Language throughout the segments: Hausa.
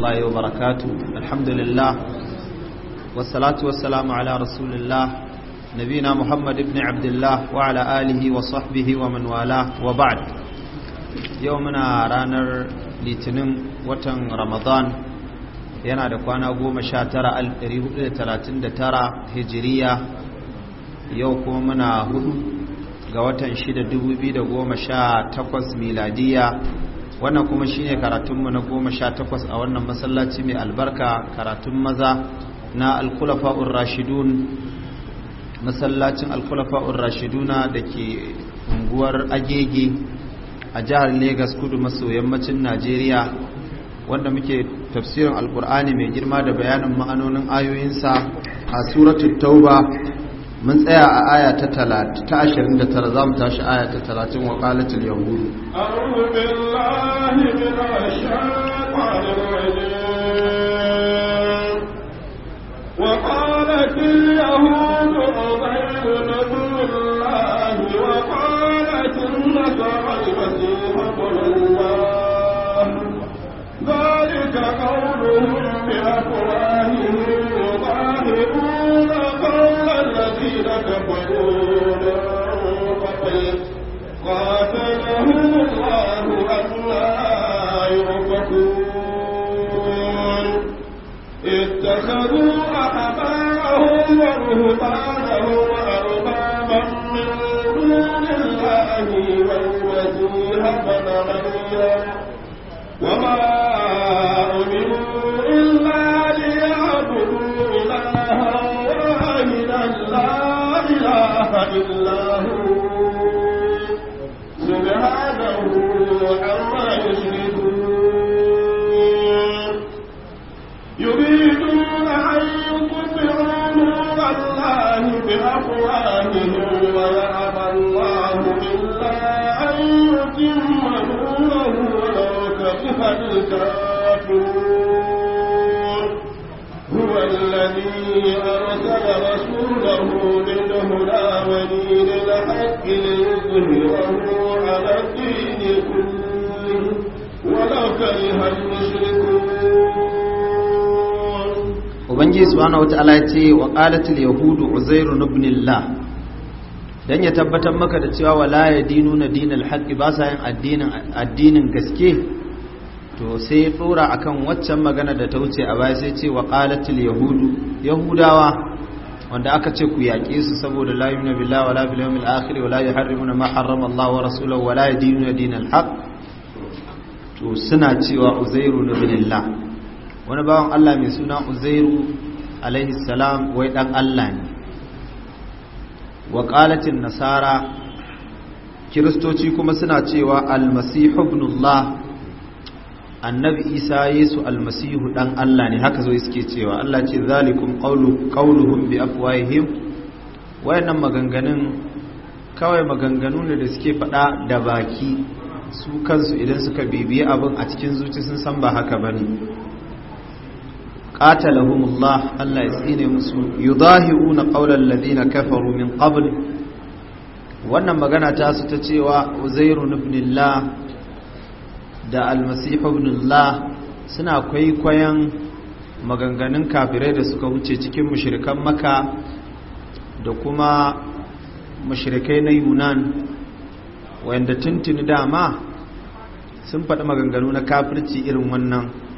warahmatullahi wabarakatuh alhamdulillah wassalatu wassalamu ala rasulillah nabina muhammad ibn abdullah wa ala alihi wa sahbihi wa man wala wa ba'd yau muna ranar litinin watan ramadan yana da kwana goma sha tara al ɗari hudu da talatin da tara hijiriya yau kuma muna hudu ga watan shida dubu biyu da goma sha takwas miladiyya wannan kuma shine karatunmu na goma sha takwas a wannan masallaci mai albarka karatun maza na alkulafa'ur rashidun masallacin alkulafa'ur rashiduna da ke unguwar agege a jihar Legas kudu maso yammacin najeriya wanda muke tafsirin alkur'ani mai girma da bayanin ma'anonin ayoyinsa a suratul tauba mun tsaya a aya ta 29 za mu tashi aya ta 30 wa qalatul yahudu a'udhu billahi minash shaitanir rajim wa qalatul yahudu ubayyinatullahi wa qalatul nasara ذلك قولهم بأقوال اتخذوا أحبارهم ورهبانهم وأربابا من دون الله والمسيح ابن مريم وما أمروا الله ubangiji subhanahu wataala ya ce wa qalatil yahudu uzairu ibn allah dan ya tabbatar maka da cewa wala na dinal haqqi ba sa yin addinin addinin gaske to sai tsora akan waccan magana da ta wuce a baya sai ce wa qalatil yahudu yahudawa wanda aka ce ku yaƙe su saboda la yu'minu billahi wala bil yawmil akhir wala yuharrimuna ma harrama Allah wa rasuluhu wala na dinal haqq to suna cewa uzairu ibn allah wani bawan Allah mai suna uzairu alaihi salam wai dan Allah ne wa nasara kiristoci kuma suna cewa almasihu ibnullah annabi isa yesu almasihu dan Allah ne haka zo suke cewa Allah ce zalikum qawlu qawluhum bi afwahihim wayannan maganganun kawai maganganu ne da suke faɗa da baki su kansu idan suka bibiye abin a cikin zuci sun san ba haka bane qatalahumullah Allah ya tsine musu na qawlal ladina kafaru min qabl wannan magana ta su ta cewa uzairu ibn da almasihu ibn suna kwaikwayon maganganun kafirai da suka wuce cikin mushrikan maka da kuma mushrikai na yunan wanda tuntuni dama sun faɗi maganganu na kafirci irin wannan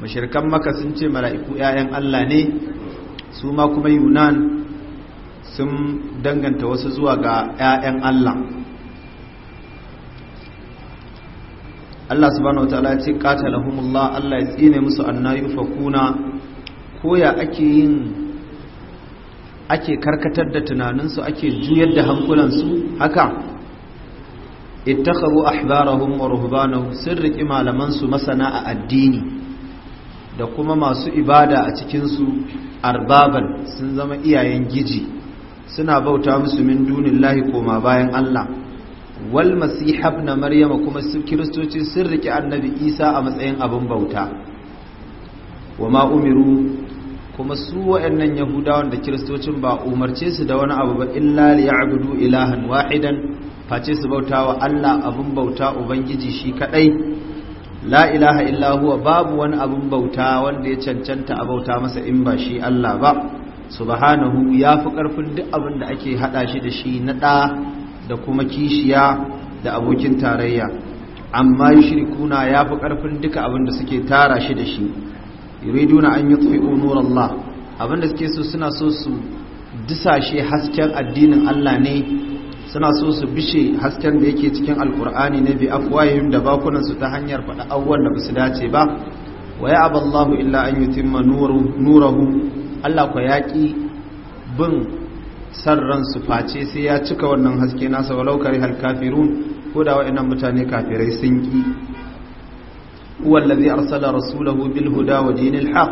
mashirkan maka sun ce mala'iku 'ya'yan Allah ne su ma kuma yunan sun danganta wasu zuwa ga 'ya'yan Allah Allah subhanahu wa ta'ala ce qatalahumullah Allah ya tsine musu annayu fakuna ya ake yin ake karkatar da tunaninsu ake juyar da hankulansu haka ittakhadhu ahbarahum wa ruhbanahum sirri masana a addini da kuma masu ibada a cikinsu arbaban sun zama iyayen giji suna bauta musu min lahi koma bayan Allah wal masihab ibn maryama kuma su kiristoci sun rike annabi isa a matsayin abin bauta wa ma umiru kuma su waɗannan yahudawan da kiristocin ba umarce su da wani abu ba illa li ya'budu ilahan wahidan face su bauta wa Allah abin bauta ubangiji shi kadai la ilaha illa huwa babu wani abun bauta wanda ya cancanta a bauta masa in ba shi Allah ba subhanahu ya fi ƙarfin duk abin da ake haɗa shi da shi na ɗa da kuma kishiya da abokin tarayya amma shirkuna ya fi ƙarfin duka abin da suke tara shi da shi yuriduna an yutfi'u nurallah abin da suke so suna so su disashe hasken addinin Allah ne suna so su bishe hasken da yake cikin alkur'ani ne bi afwayin da bakunansu ta hanyar faɗa abubuwan da ba su dace ba wa ya aballahu illa an yutimma nurahu Allah ko yaƙi bin san ransu face sai ya cika wannan haske nasa walau kari hal kafirun ko da wa'annan mutane kafirai sun ki huwa allazi arsala rasulahu bil huda wa dinil haqq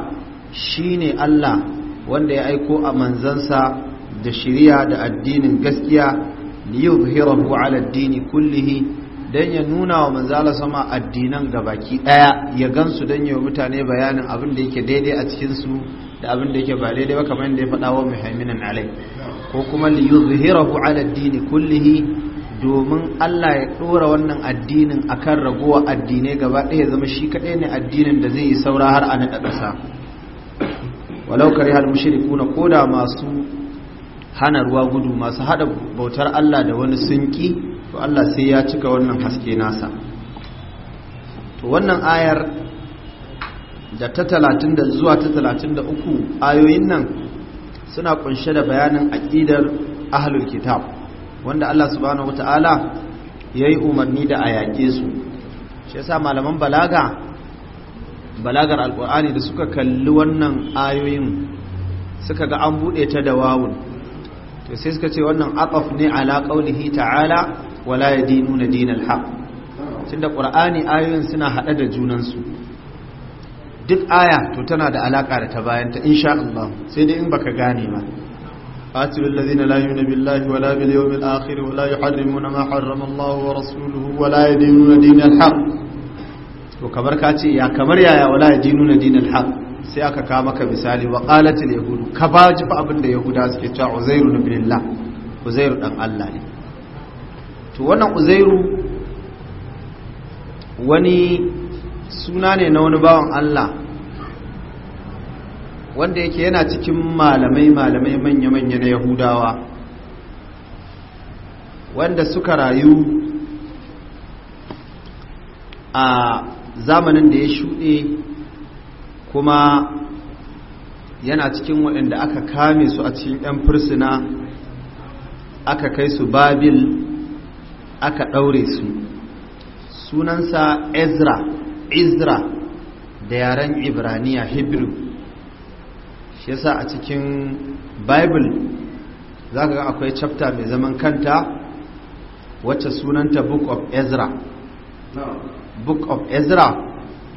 shine Allah wanda ya aiko a manzansa da shiriya da addinin gaskiya liyuzhirahu ala ad-dini kullihi dan ya nuna wa manzala sama addinan gabaki daya ya gansu dan ya mutane bayanin abin da yake daidai a cikin su da abin da yake ba daidai ba kamar yadda ya faɗa wa muhaiminan alai ko kuma li yuzhirahu ala addini kullihi domin Allah ya dora wannan addinin akan ragowa addinai gaba daya zama shi kadai ne addinin da zai yi saura har a na kasa walau kare hal mushrikuna koda masu hana ruwa gudu masu hada bautar Allah da wani sunki to Allah sai ya cika wannan haske nasa to wannan ayar da ta 30 da zuwa ta 33 ayoyin nan suna kunshe da bayanin aqidar ahlul kitab wanda Allah subhanahu wataala yayi umarni da ayake su shi yasa malaman balaga balagar alqur'ani da suka kalli wannan ayoyin suka ga an buɗe ta da wawun to sai suka ce wannan aqaf ne ala qaulihi ta'ala wala yadinuna dinal haq tunda qur'ani ayoyin suna hada da junan su duk aya to tana da alaka da ta bayanta insha Allah sai dai in baka gane ba قاتل الذين لا يؤمنون بالله ولا باليوم الآخر ولا يحرمون ما حرم الله ورسوله ولا يدينون دين الحق وكبر كاتي يا كبر يا ولا يدينون دين الحق sai aka kawo maka misali wa qalatil yahudu ka ba ji fa abin da yahuda suke cewa uzairu ibn billah uzairu dan Allah ne to wannan uzairu wani suna ne na wani bawan Allah wanda yake yana cikin malamai malamai manya-manya na yahudawa wanda suka rayu a zamanin da ya shuɗe kuma yana cikin waɗanda aka kame su a cikin 'yan fursuna aka kai su babil aka ɗaure su sunansa ezra izra da yaren ibraniya hebrew shi yasa a cikin bible za ga akwai chapter mai zaman kanta wacce sunanta book of ezra book of ezra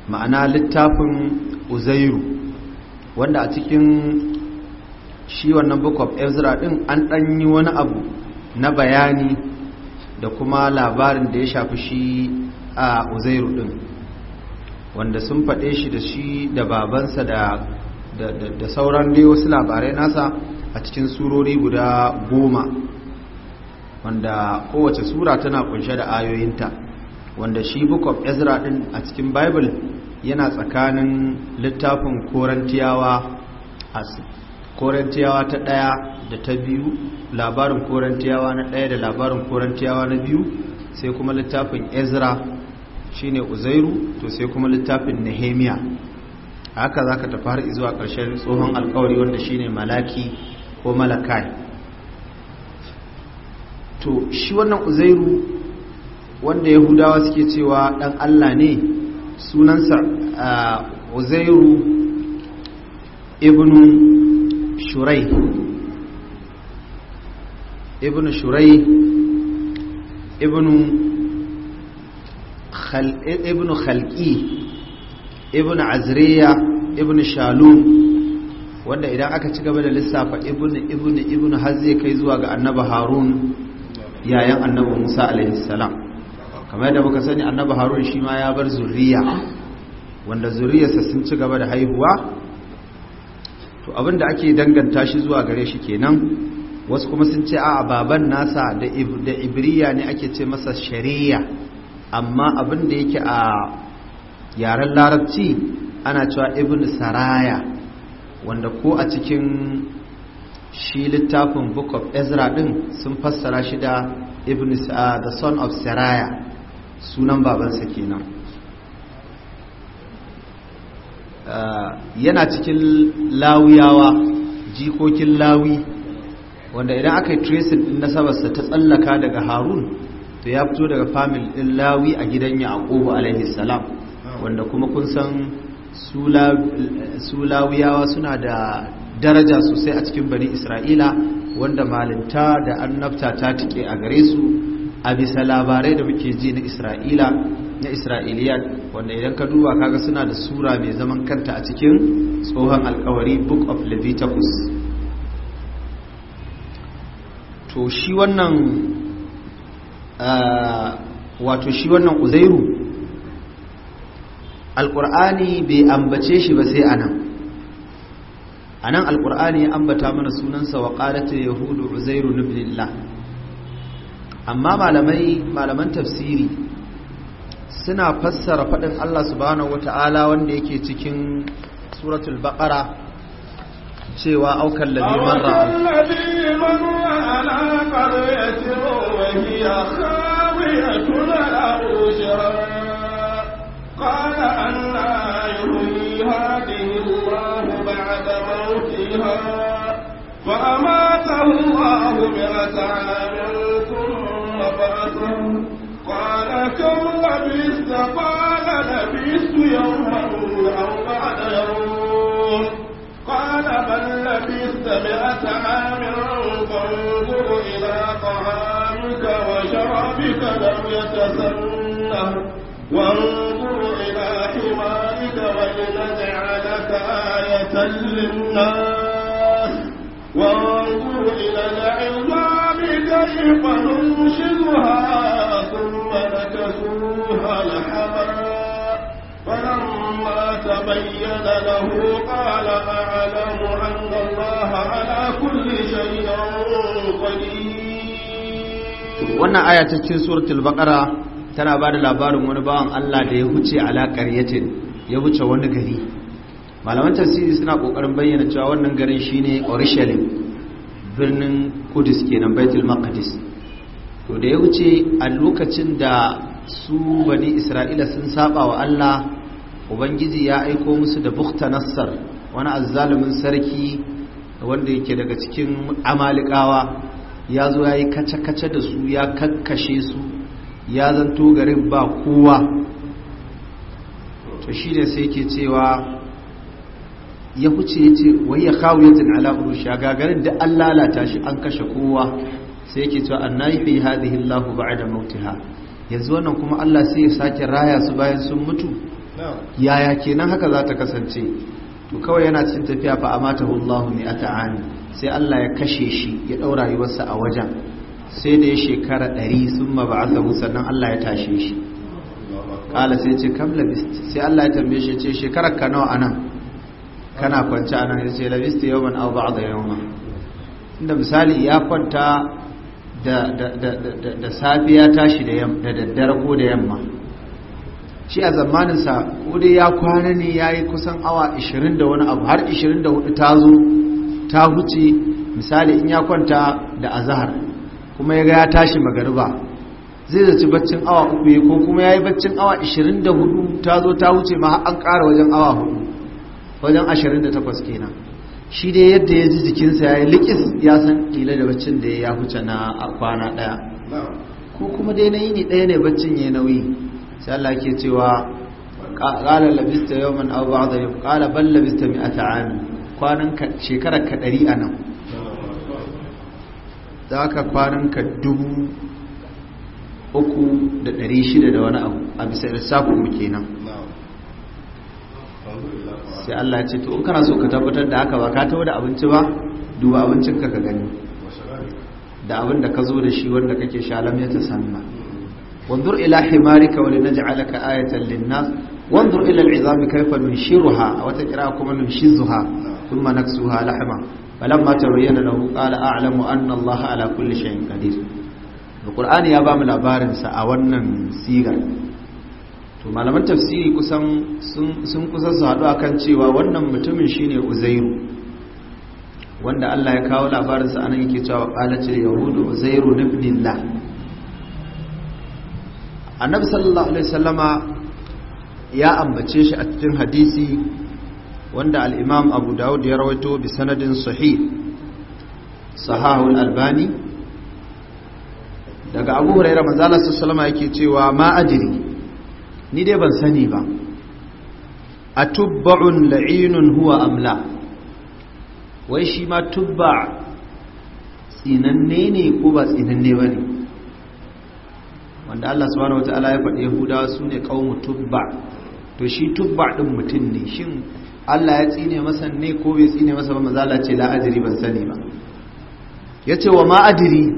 ma'ana littafin uzairu wanda a cikin shi wannan book of ezra din an ɗanyi wani abu na bayani da kuma labarin da ya shafi shi a uzairu din wanda sun faɗe shi da shi da babansa da da sauran dai wasu labarai nasa a cikin surori guda goma wanda kowace sura tana kunshe da ayoyinta wanda shi book of ezra din a cikin bible yana tsakanin littafin korantiyawa korantiyawa ta ɗaya da ta biyu labarin korantiyawa na ɗaya da labarin korantiyawa na biyu sai kuma littafin ezra shine uzairu to sai kuma littafin nehemiya haka za ka tafi har zuwa ƙarshen tsohon alkawari wanda shine malaki ko malakai to shi wannan uzairu wanda yahudawa suke cewa ɗan allah ne sunansa a uzairu ibn shurai ibn shurai ibn ibn ibn azriya ibn wanda idan aka ci gaba da lissafa ibn ibn ibn har zai kai zuwa ga annabi harun yayan annabi musa alaihi salam kamar yadda muka sani annabi harun shi ma ya bar zuriya wanda zuriyarsa sun ci gaba da haihuwa to abinda ake danganta shi zuwa gare shi kenan wasu kuma sun ce a baban nasa da ibriya ne ake ce masa shari'a amma abinda yake a yaren larabci ana cewa ibn saraya wanda ko a cikin shi littafin book of ezra din sun fassara shi da ibn the son of saraya sunan babansa kenan ah, yana cikin lawiyawa jikokin lawi wanda idan aka yi tracing din nasabarsa ta tsallaka daga harun to ya fito daga famil din lawi a gidan yaqubu alaihi salam wanda kuma kun san su lawiyawa suna da daraja sosai a cikin bani isra'ila wanda malinta da annabta ta tike a gare su a bisa labarai da muke ji na isra'ila na Isra'iliya wanda idan ka duba kaga suna da sura mai zaman kanta a cikin tsohon alkawari book of leviticus to shi wannan ah, wato shi wannan uzairu alkur'ani bai ambace shi ba sai anan anan alkur'ani ya ambata mana sunansa wa qalat yahudu uzairu ibn amma malamai malaman tafsiri suna fassara faɗin Allah subhanahu wata'ala wanda yake cikin suratul baqara cewa aukan ladhi marra فأماته الله عام فبعثهم قال كم لبست قال لبست يوما أو بعد يوم قال بل لبست مئة عام فانظر إلى طعامك وشرابك لم يتسنه وانظر إلى حمارك لك آية للناس وانظر إلى العلم ثم wannan aya ta cikin suratul baqara tana ba da labarin wani bawan Allah da ya huce alaƙar yatin ya huce wani gari malaman tasiri suna ƙoƙarin bayyana cewa wannan garin shine Orishalim birnin kudus kenan baitul maqdis to da ya wuce a lokacin da su bani isra'ila sun saba wa Allah ubangiji ya aiko musu da bukta nassar wani azzalumin sarki wanda yake daga cikin amalikawa ya zo ya yi kace-kace da su ya kakkashe su ya zanto garin ba kowa to shi ne sai ke cewa ya huce ya ce wai ya kawo yatin ala urushiya gagarin da an lalata shi an kashe kowa sai yake cewa an nayi fi hadhihi Allah ba'da mautiha yanzu wannan kuma Allah sai ya sake raya su bayan sun mutu yaya kenan haka za ta kasance to kawai yana cikin tafiya fa amatahu Allah a ta'ani sai Allah ya kashe shi ya daura rayuwarsa a wajen sai da ya shekara ɗari sun mab'athahu sannan Allah ya tashe shi kala sai ce kam labist sai Allah ya tambaye shi ce shekarar ka nawa anan kana kwanci a nan yace labista au ba da yawma inda misali ya kwanta da da da da, da safiya tashi da yamma da daddare ko da yamma shi a zamaninsa ko dai ya kwana ne ya yi kusan awa 20 da wani abu har 24 ta zo ta huce misali in ya kwanta da azahar kuma ya ga ya tashi magariba zai zaci baccin awa uku ko kuma ya yi baccin awa 24 ta zo ta huce ma an ƙara wajen awa hudu wajen 28 kenan shi dai yadda ya ji jikinsa ya yi likis ya san kila da baccin da ya huce na kwana ɗaya ko kuma dai na yini ɗaya ne baccin ya nauyi sai Allah ke cewa ƙalar labista yau man abu ba yau ƙala ban labista mi a ta'ami kwanan shekarar ka ɗari a nan za ka kwanan ka dubu uku da ɗari shida da wani abu a bisa lissafin mu kenan sai Allah ce to in kana so ka tabbatar da haka ba ka tawo da abinci ba duba abincin ka ka gani da abin da ka zo da shi wanda kake sha ya ta sanna wanzur ila himarika wa linaj'alaka ayatan linnas wanzur ila al'izami kayfa nunshiruha wa taqra kuma nunshizuha thumma naksuha lahma falamma tabayyana lahu qala a'lamu anna Allah ala kulli shay'in qadir alqur'ani ya ba mu labarin sa a wannan sigar to malaman tafsiri kusan sun kusa su haɗu akan cewa wannan mutumin shine uzairu wanda Allah ya kawo labarinsa anan yake cewa qalatil yahudu uzairu ibn Allah annabi sallallahu alaihi wasallama ya ambace shi a cikin hadisi wanda al-imam abu dawud ya rawaito bi sanadin sahih sahahul albani daga abu hurairah manzo Allah sallallahu alaihi wasallama yake cewa ma ajri ni dai ban sani ba a tubba'un la'inun huwa amla wai shi ma tubba tsinanne ne ko ba tsinanne ba ne wanda Allah subhanahu wata'ala ya faɗi yahudawa su ne ƙaunar tubba to shi tubba ɗin mutum ne shin Allah ya tsine masa ne ko bai tsine masa ba mazala ce la'adiri ban sani ba ya ce wa ma'adiri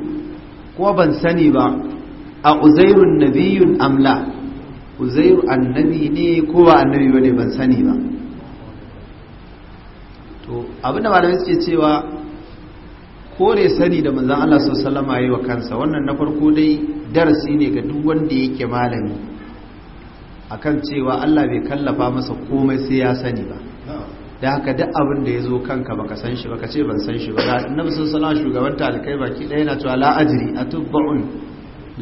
ko ban sani ba a uzairun nabiyun amla uzairu annabi ne ko ba annabi ba ne ban sani ba to abinda malamai suke cewa kore sani da manzan Allah su salama yi wa kansa wannan na farko dai darasi ne ga duk wanda yake malami akan cewa Allah bai kallafa masa komai sai ya sani ba da haka duk abin da ya zo kanka baka san shi baka ce ban san shi ba na bisan sana shugaban talikai baki ɗaya na cewa la'ajiri a tubba'un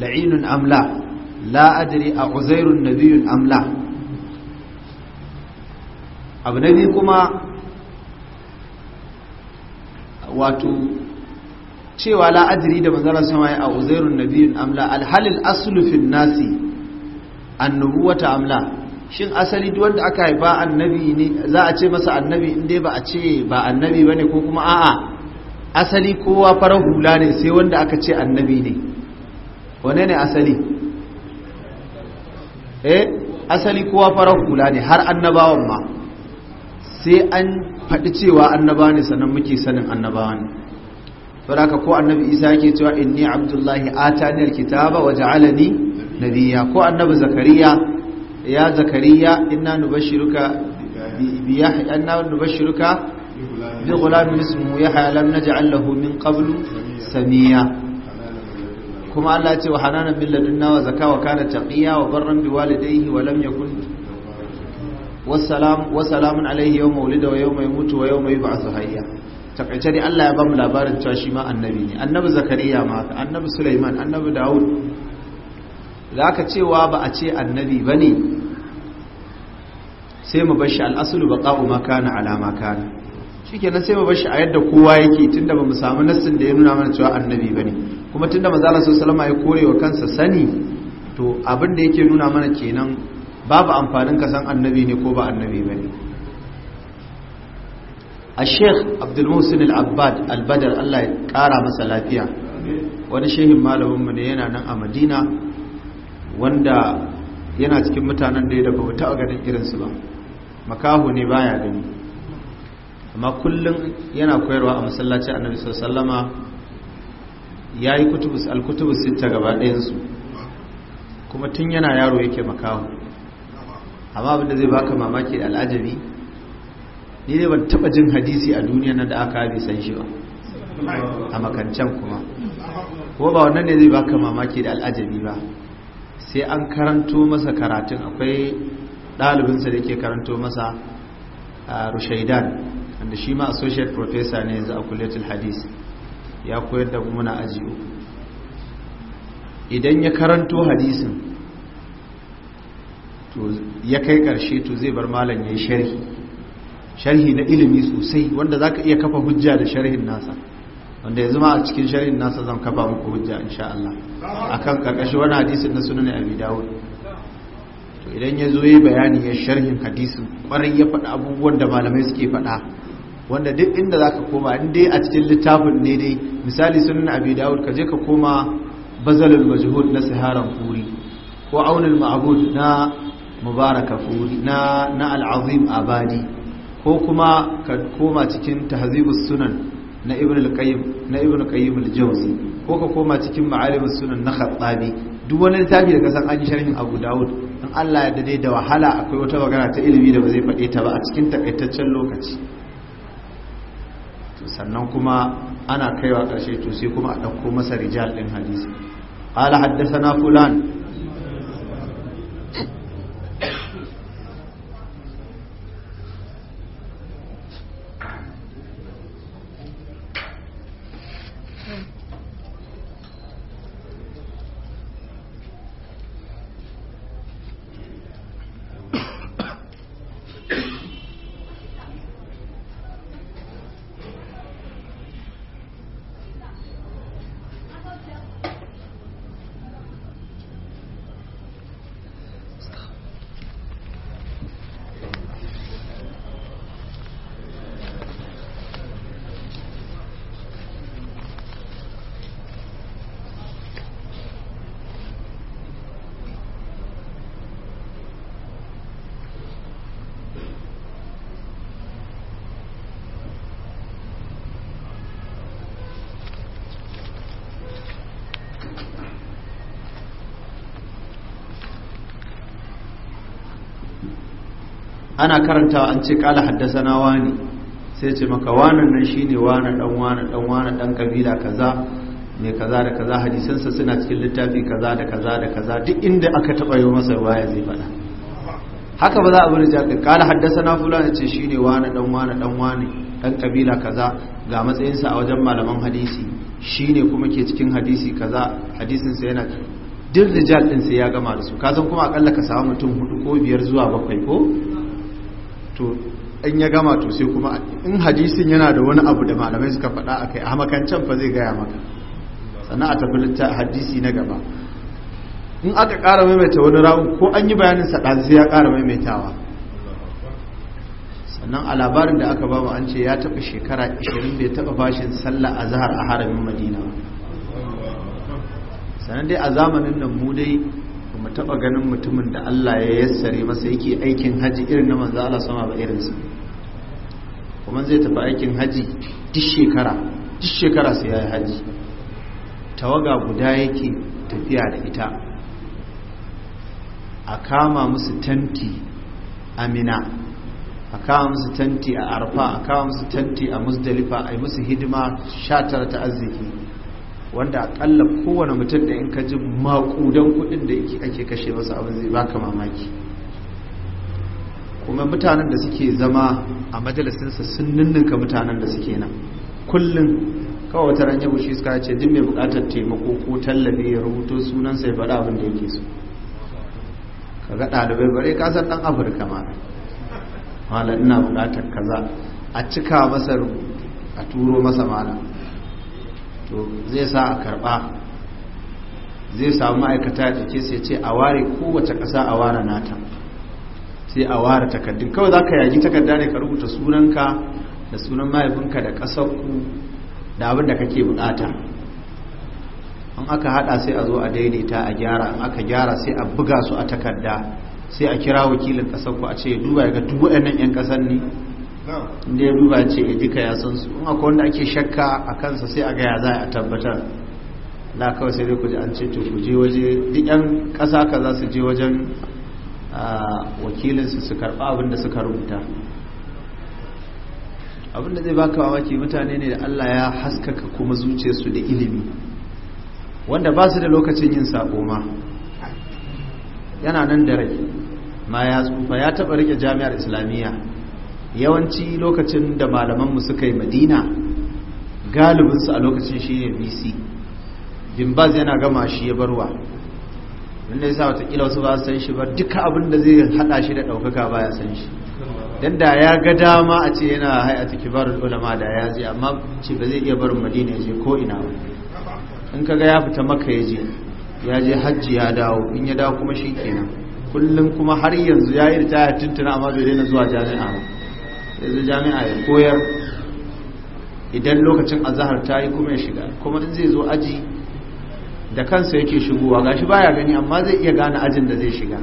la'inun amla لا أدري a uzairun أم amla أبو نبي biyu kuma wato cewa أدري دم da manzara أعزير النبي a uzairun الحل amla في الناس nasi أم amla shin asali duk wanda aka haifa annabi ne za a ce masa annabi inda ba a ce ba annabi bane ko kuma a'a asali kowa farar hula ne sai wanda aka ce annabi ne wane ne asali eh asali kowa farar hula ne har annabawan ma sai an faɗi cewa annaba ne sannan muke sanin annaba ne saboda ko annabi isa yake cewa inni abdullahi atani alkitaba wa ja'alani nabiyya ko annabi zakariya ya zakariya inna nubashiruka bi yahya inna nubashiruka bi ghulamin ismuhu yahya lam naj'al lahu min qablu samiya kuma Allah ce wa hananan min ladunna Zaka wa kana taqiya wa barran bi walidayhi wa lam yakun wassalam wa salamun alayhi yawma wulida wa yawma yamutu wa yawma yub'athu hayya takaice dai Allah ya bamu labarin cewa shi ma annabi ne annabi zakariya ma annabi sulaiman annabi daud zaka cewa ba a ce annabi bane sai mu bar shi al-aslu baqa'u ma kana ala ma kana shikenan sai mu bar shi a yadda kowa yake tunda ba mu samu nassin da ya nuna mana cewa annabi bane kuma tunda ma Allah sallallahu alaihi ya kore wa kansa sani to abin da yake nuna mana kenan babu amfanin ka san annabi ne ko ba annabi bane Al-Abbad Al العباد Allah ya kara masa lafiya wani shehin mu ne yana nan a madina wanda yana cikin mutanen da ya daga wuta a ganin su ba makahu ne baya gani amma kullum yana koyarwa a masallaci annabi sallama ya yi alkutubu sita gaba ɗayansu kuma tun yana yaro yake makaho amma abinda zai baka mamaki da al'ajabi ni ne ban taɓa jin hadisi a duniya na da aka yi san shi ba a makancan kuma ko ba wannan ne zai baka mamaki da al'ajabi ba sai an karanto masa karatun akwai ɗalibinsa da ke karanto masa rushaidan wanda shi ma associate professor ne yanzu a kuletul hadis ya koyar da muna aji uku idan ya karanto hadisin to ya kai karshe to zai bar malam ya yi sharhi sharhi na ilimi sosai wanda za ka iya kafa hujja da sharhin nasa wanda yanzu ma a cikin sharhin nasa zan kafa muku hujja insha Allah kan karkashi wani hadisin na sunan Abi Dawud to idan ya zo yi bayani ya sharhin hadisin kwarai ya faɗa abubuwan da malamai suke faɗa wanda duk inda za ka koma in a cikin littafin ne dai misali sunan abi dawud ka je ka koma bazalul majhud na saharan furi ko aunul ma'bud na mubaraka furi na na al'azim abadi ko kuma ka koma cikin tahzibus sunan na ibn al-qayyim na ibn qayyim al-jawzi ko ka koma cikin ma'alimus sunan na khattabi duk wani littafi da kasan an sharhin abu dawud in allah ya dade da wahala akwai wata magana ta ilimi da ba zai faɗe ta ba a cikin takaitaccen lokaci sannan kuma ana kaiwa ƙarshe to sai kuma a ɗauko masa rijal ɗin hadisi qala haddathana fulan ana karantawa an ce kala haddasana wani sai ce maka wanan nan ne wani dan wani dan wani dan kabila kaza mai kaza da kaza hadisansa suna cikin littafi kaza da kaza da kaza duk inda aka taba yi masa waya zai faɗa haka ba za a bari jaka kala haddasana fulani ce ne wani dan wani dan wani dan kabila kaza ga matsayinsa a wajen malaman hadisi shi ne kuma ke cikin hadisi kaza hadisinsa yana duk rijal din sai ya gama da su ka san kuma akalla ka samu mutum hudu ko biyar zuwa bakwai ko to in ya gama to sai kuma in hadisin yana da wani abu da malamai suka faɗa a kai a makancan fa zai gaya maka sannan a tafi hadisi na gaba in aka ƙara maimaita wani rawu ko an yi bayanin saɗa sai ya ƙara maimaitawa sannan a labarin da aka bawa an ce ya taɓa shekara 20 bai taɓa bashin sallah a zahar a haramin madina sannan dai a zamanin nan mu dai mu taba ganin mutumin da Allah ya yassare masa yake aikin haji irin na manzo Allah sama ba irin kuma zai tafi aikin haji duk shekara duk shekara sai yayi haji tawaga guda yake tafiya da ita a kama musu tanti amina a kama musu tanti a arfa a kama musu tanti a musdalifa a yi musu hidima sha ta arziki wanda akalla kowane mutum da in ka ji makudan kudin da ake kashe masa abin zai baka mamaki kuma mutanen da suke zama a majalisinsa sun ninninka mutanen da suke nan kullum kawai wata ranya bushi suka ce jin mai bukatar taimako ko tallafi ya rubuto sunansa ya faɗa abin da yake so ka ga ɗalibai bare san ɗan afirka ma mala ina bukatar kaza a cika masa a turo masa malam to zai sa a karba zai samu ma'aikata da ke sai ce a ware kowace ƙasa a ware nata sai a ware takardun kawai za ka yaji takarda ne ka rubuta sunanka da sunan mahaifinka da ƙasarku da abin da kake bukata an aka hada sai a zo a daidaita a gyara an aka gyara sai a buga su a takarda sai a kira wakilin ƙasarku a ce duba ga duk waɗannan 'yan ƙasar ne inda ya duba ce ya duka ya san su in akwai wanda ake shakka a kansa sai a gaya za a tabbatar na kawai sai dai ku an ce to ku waje duk yan kasa ka za su je wajen wakilinsu su karɓa abin da suka rubuta abin da zai baka mamaki mutane ne da Allah ya haskaka kuma zuciyarsu da ilimi wanda ba su da lokacin yin sako ma yana nan da rai ma ya tsufa ya taɓa rike jami'ar islamiyya yawanci lokacin da malamanmu suka yi madina galibinsu a lokacin shi ne bc bimbaz yana gama shi ya barwa wanda ya sa watakila wasu ba san shi ba duka abin da zai hada shi da ɗaukaka ba ya san shi don da ya ga dama a ce yana hayata kibarul ulama da ya je amma ce ba zai iya barin madina ya je ko ina ba in ga ya fita maka ya je ya je hajji ya dawo in ya dawo kuma shi kenan kullum kuma har yanzu ya yi ritaya tuntuna amma bai daina zuwa jami'a ba Yanzu jami'a ya koyar idan lokacin azahar ta yi kuma ya shiga kuma in zai zo aji da kansa yake shigowa ga gashi baya gani amma zai iya gane ajin da zai shiga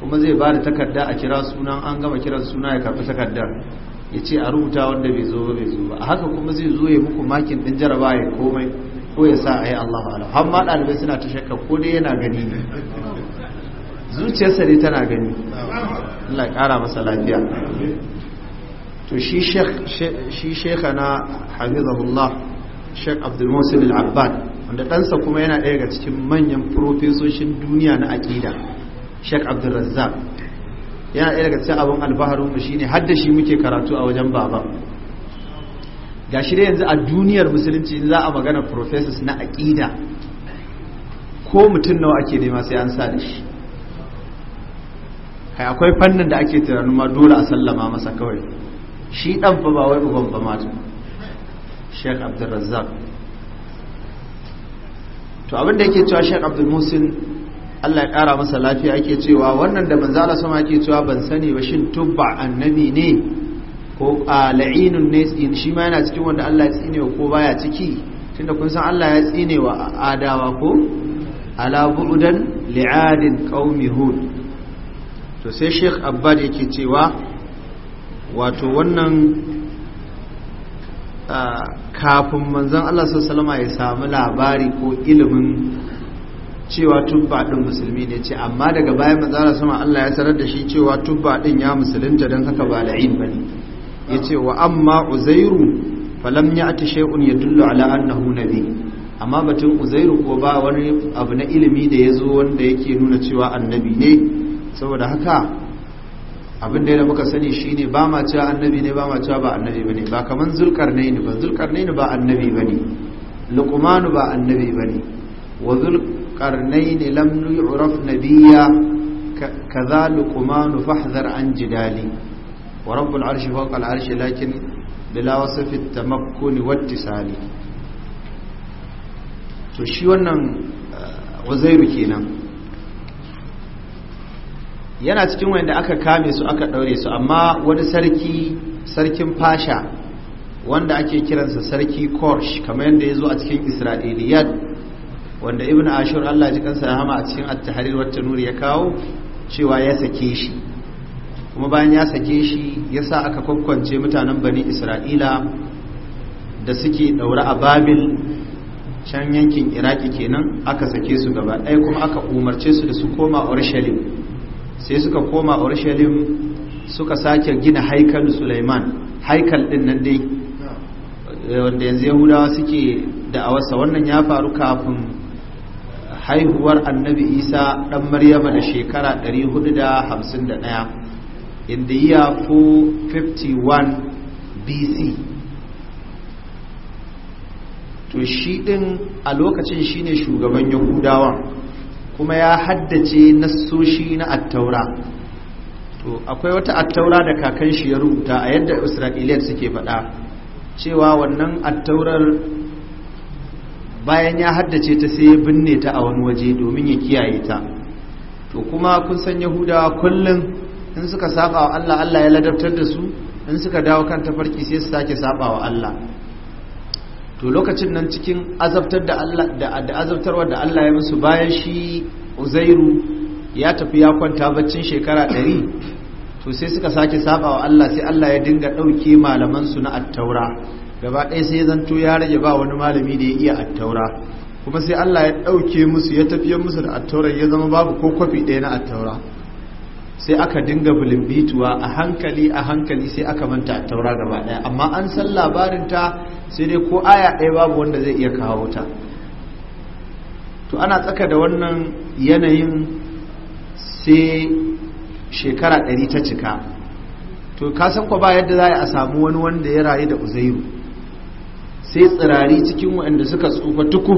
kuma zai ba da takarda a kira sunan an gama kiran suna ya karfi takardar ya ce a rubuta wanda bai zo ba bai zo ba a haka kuma zai zo ya muku makin ɗin jaraba ya komai ko ya sa a yi allahu alam har ma ɗalibai suna ta shakka ko dai yana gani ne zuciyarsa ne tana gani Allah ƙara masa lafiya to shi sheikha na hafizahullah sheikh al-abbad wanda ɗansa kuma yana ɗaya ga cikin manyan profesoshin duniya na aƙida sheikh razzaq yana ɗaya daga cikin abin alfaharinmu shine hadda shi muke karatu a wajen baba ga shi da yanzu a duniyar musulunci za a magana professors na aƙida ko mutum nawa ake nema sai an sa da shi kai akwai fannin da ake tunanin ma dole a sallama masa kawai shi dan fa ba wai uban ba mata Sheikh Abdul Razzaq to abin da yake cewa Sheikh Abdul Musin Allah ya kara masa lafiya yake cewa wannan da manzo Allah sama yake cewa ban sani ba shin tubba annabi ne ko la'inun nas ne shi ma yana cikin wanda Allah ya tsine ko baya ciki tunda kun san Allah ya tsine wa adawa ko ala bu'dan li'adin qaumi hud to sai sheikh abbad yake cewa wato wannan kafin manzan allah sallama ya samu labari ko ilimin cewa tubba ɗin musulmi ne ce amma daga bayan manzara sama allah ya sanar da shi cewa tubba ɗin ya musulunta don haka ba la'in ba ne ya ce wa amma uzairu falam ya ati ya yadullu ala annahu nabi amma batun uzairu ko ba wani abu na ilimi da ya zo wanda yake nuna cewa annabi ne saboda haka abin da ya muka sani shi ne ba ma cewa annabi ne ba ma cewa ba annabi ne ba kaman zulkarnain ba zulkarnain ba annabi ba ne luqman ba annabi ba ne wa ne zulkarnain lam yu'raf ka za luqman fahdhar an jidali wa rabbul arshi fawqa al arshi lakin bila wasfi at tamakkun wa ittisali to shi wannan eh, uzairu kenan yana cikin wanda aka kame su aka ɗaure su amma wani sarki sarkin fasha wanda ake kiransa sarki korsh kamar yadda ya zo a cikin isra'iliyat wanda ibn ashur allah ji kansa hama a cikin at wacce Nuri ya kawo cewa ya sake shi kuma bayan ya sake shi ya sa aka kwakwance mutanen bani isra'ila da suke ɗaure a babil can yankin iraki kenan aka sake su gaba ɗaya kuma aka umarce su da su koma urushalim sai suka koma urushalim suka sake gina haikal suleiman haikal din nan dai eh, wanda yanzu yahudawa suke da'awarsa wannan ya faru kafin haihuwar annabi isa dan maryama da shekara 451 in the year 451 bc to shi din a lokacin shine shugaban yahudawan kuma ya haddace nasoshi na attaura to akwai wata attaura da kakan shi ya rubuta a yadda isra'iliyar suke faɗa cewa wannan attaurar bayan ya haddace ta sai ya binne ta a wani waje domin ya kiyaye ta to kuma kun san yahudawa kullum in suka saba wa allah allah ya ladabtar da su in suka dawo kan tafarki sai su sake saba wa allah to lokacin nan cikin azabtar da Allah da azabtarwa da Allah ya musu bayan shi Uzairu ya tafi ya kwanta baccin shekara 100 to sai suka sake sabawa Allah sai Allah ya dinga dauke malaman su na attaura gaba ɗaya sai zanto ya rage ba wani malami da ya iya attaura kuma sai Allah ya dauke musu ya tafiye musu da attaura ya zama babu ko kwafi ɗaya na attaura sai aka dinga bulimbituwa a hankali a hankali sai aka manta a taura gaba daya amma an san labarinta sai dai ko aya ɗaya babu wanda zai iya kawo ta to ana tsaka da wannan yanayin sai shekara ɗari ta cika to kasan kwa ba yadda za a samu wani wanda ya rayu da uzairu sai tsirari cikin waɗanda suka tsufa tuku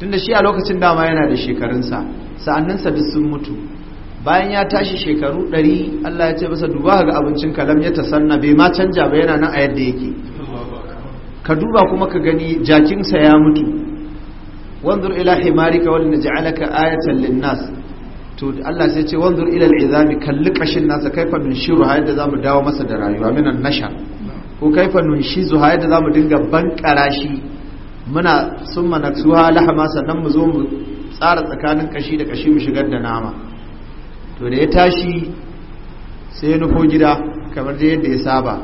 tunda shi a lokacin dama yana da shekarunsa sa'anninsa duk sun mutu bayan ya tashi shekaru ɗari Allah ya ce masa duba ga abincin kalam ya tasanna bai ma canja ba yana nan a yadda yake ka duba kuma ka gani jakinsa ya mutu wanzur ila himarika wal naj'alaka ayatan linnas to Allah sai ce wanzur ila al'izami kalli kashin nasa kaifa nunshiru ha yadda zamu dawo masa da rayuwa minan nasha ko kaifa nunshizu ha da zamu dinga bankara shi muna summa naksuha lahama sannan mu zo mu tsara tsakanin kashi da kashi mu shigar da nama to da ya tashi sai ya nufo gida kamar da yadda ya saba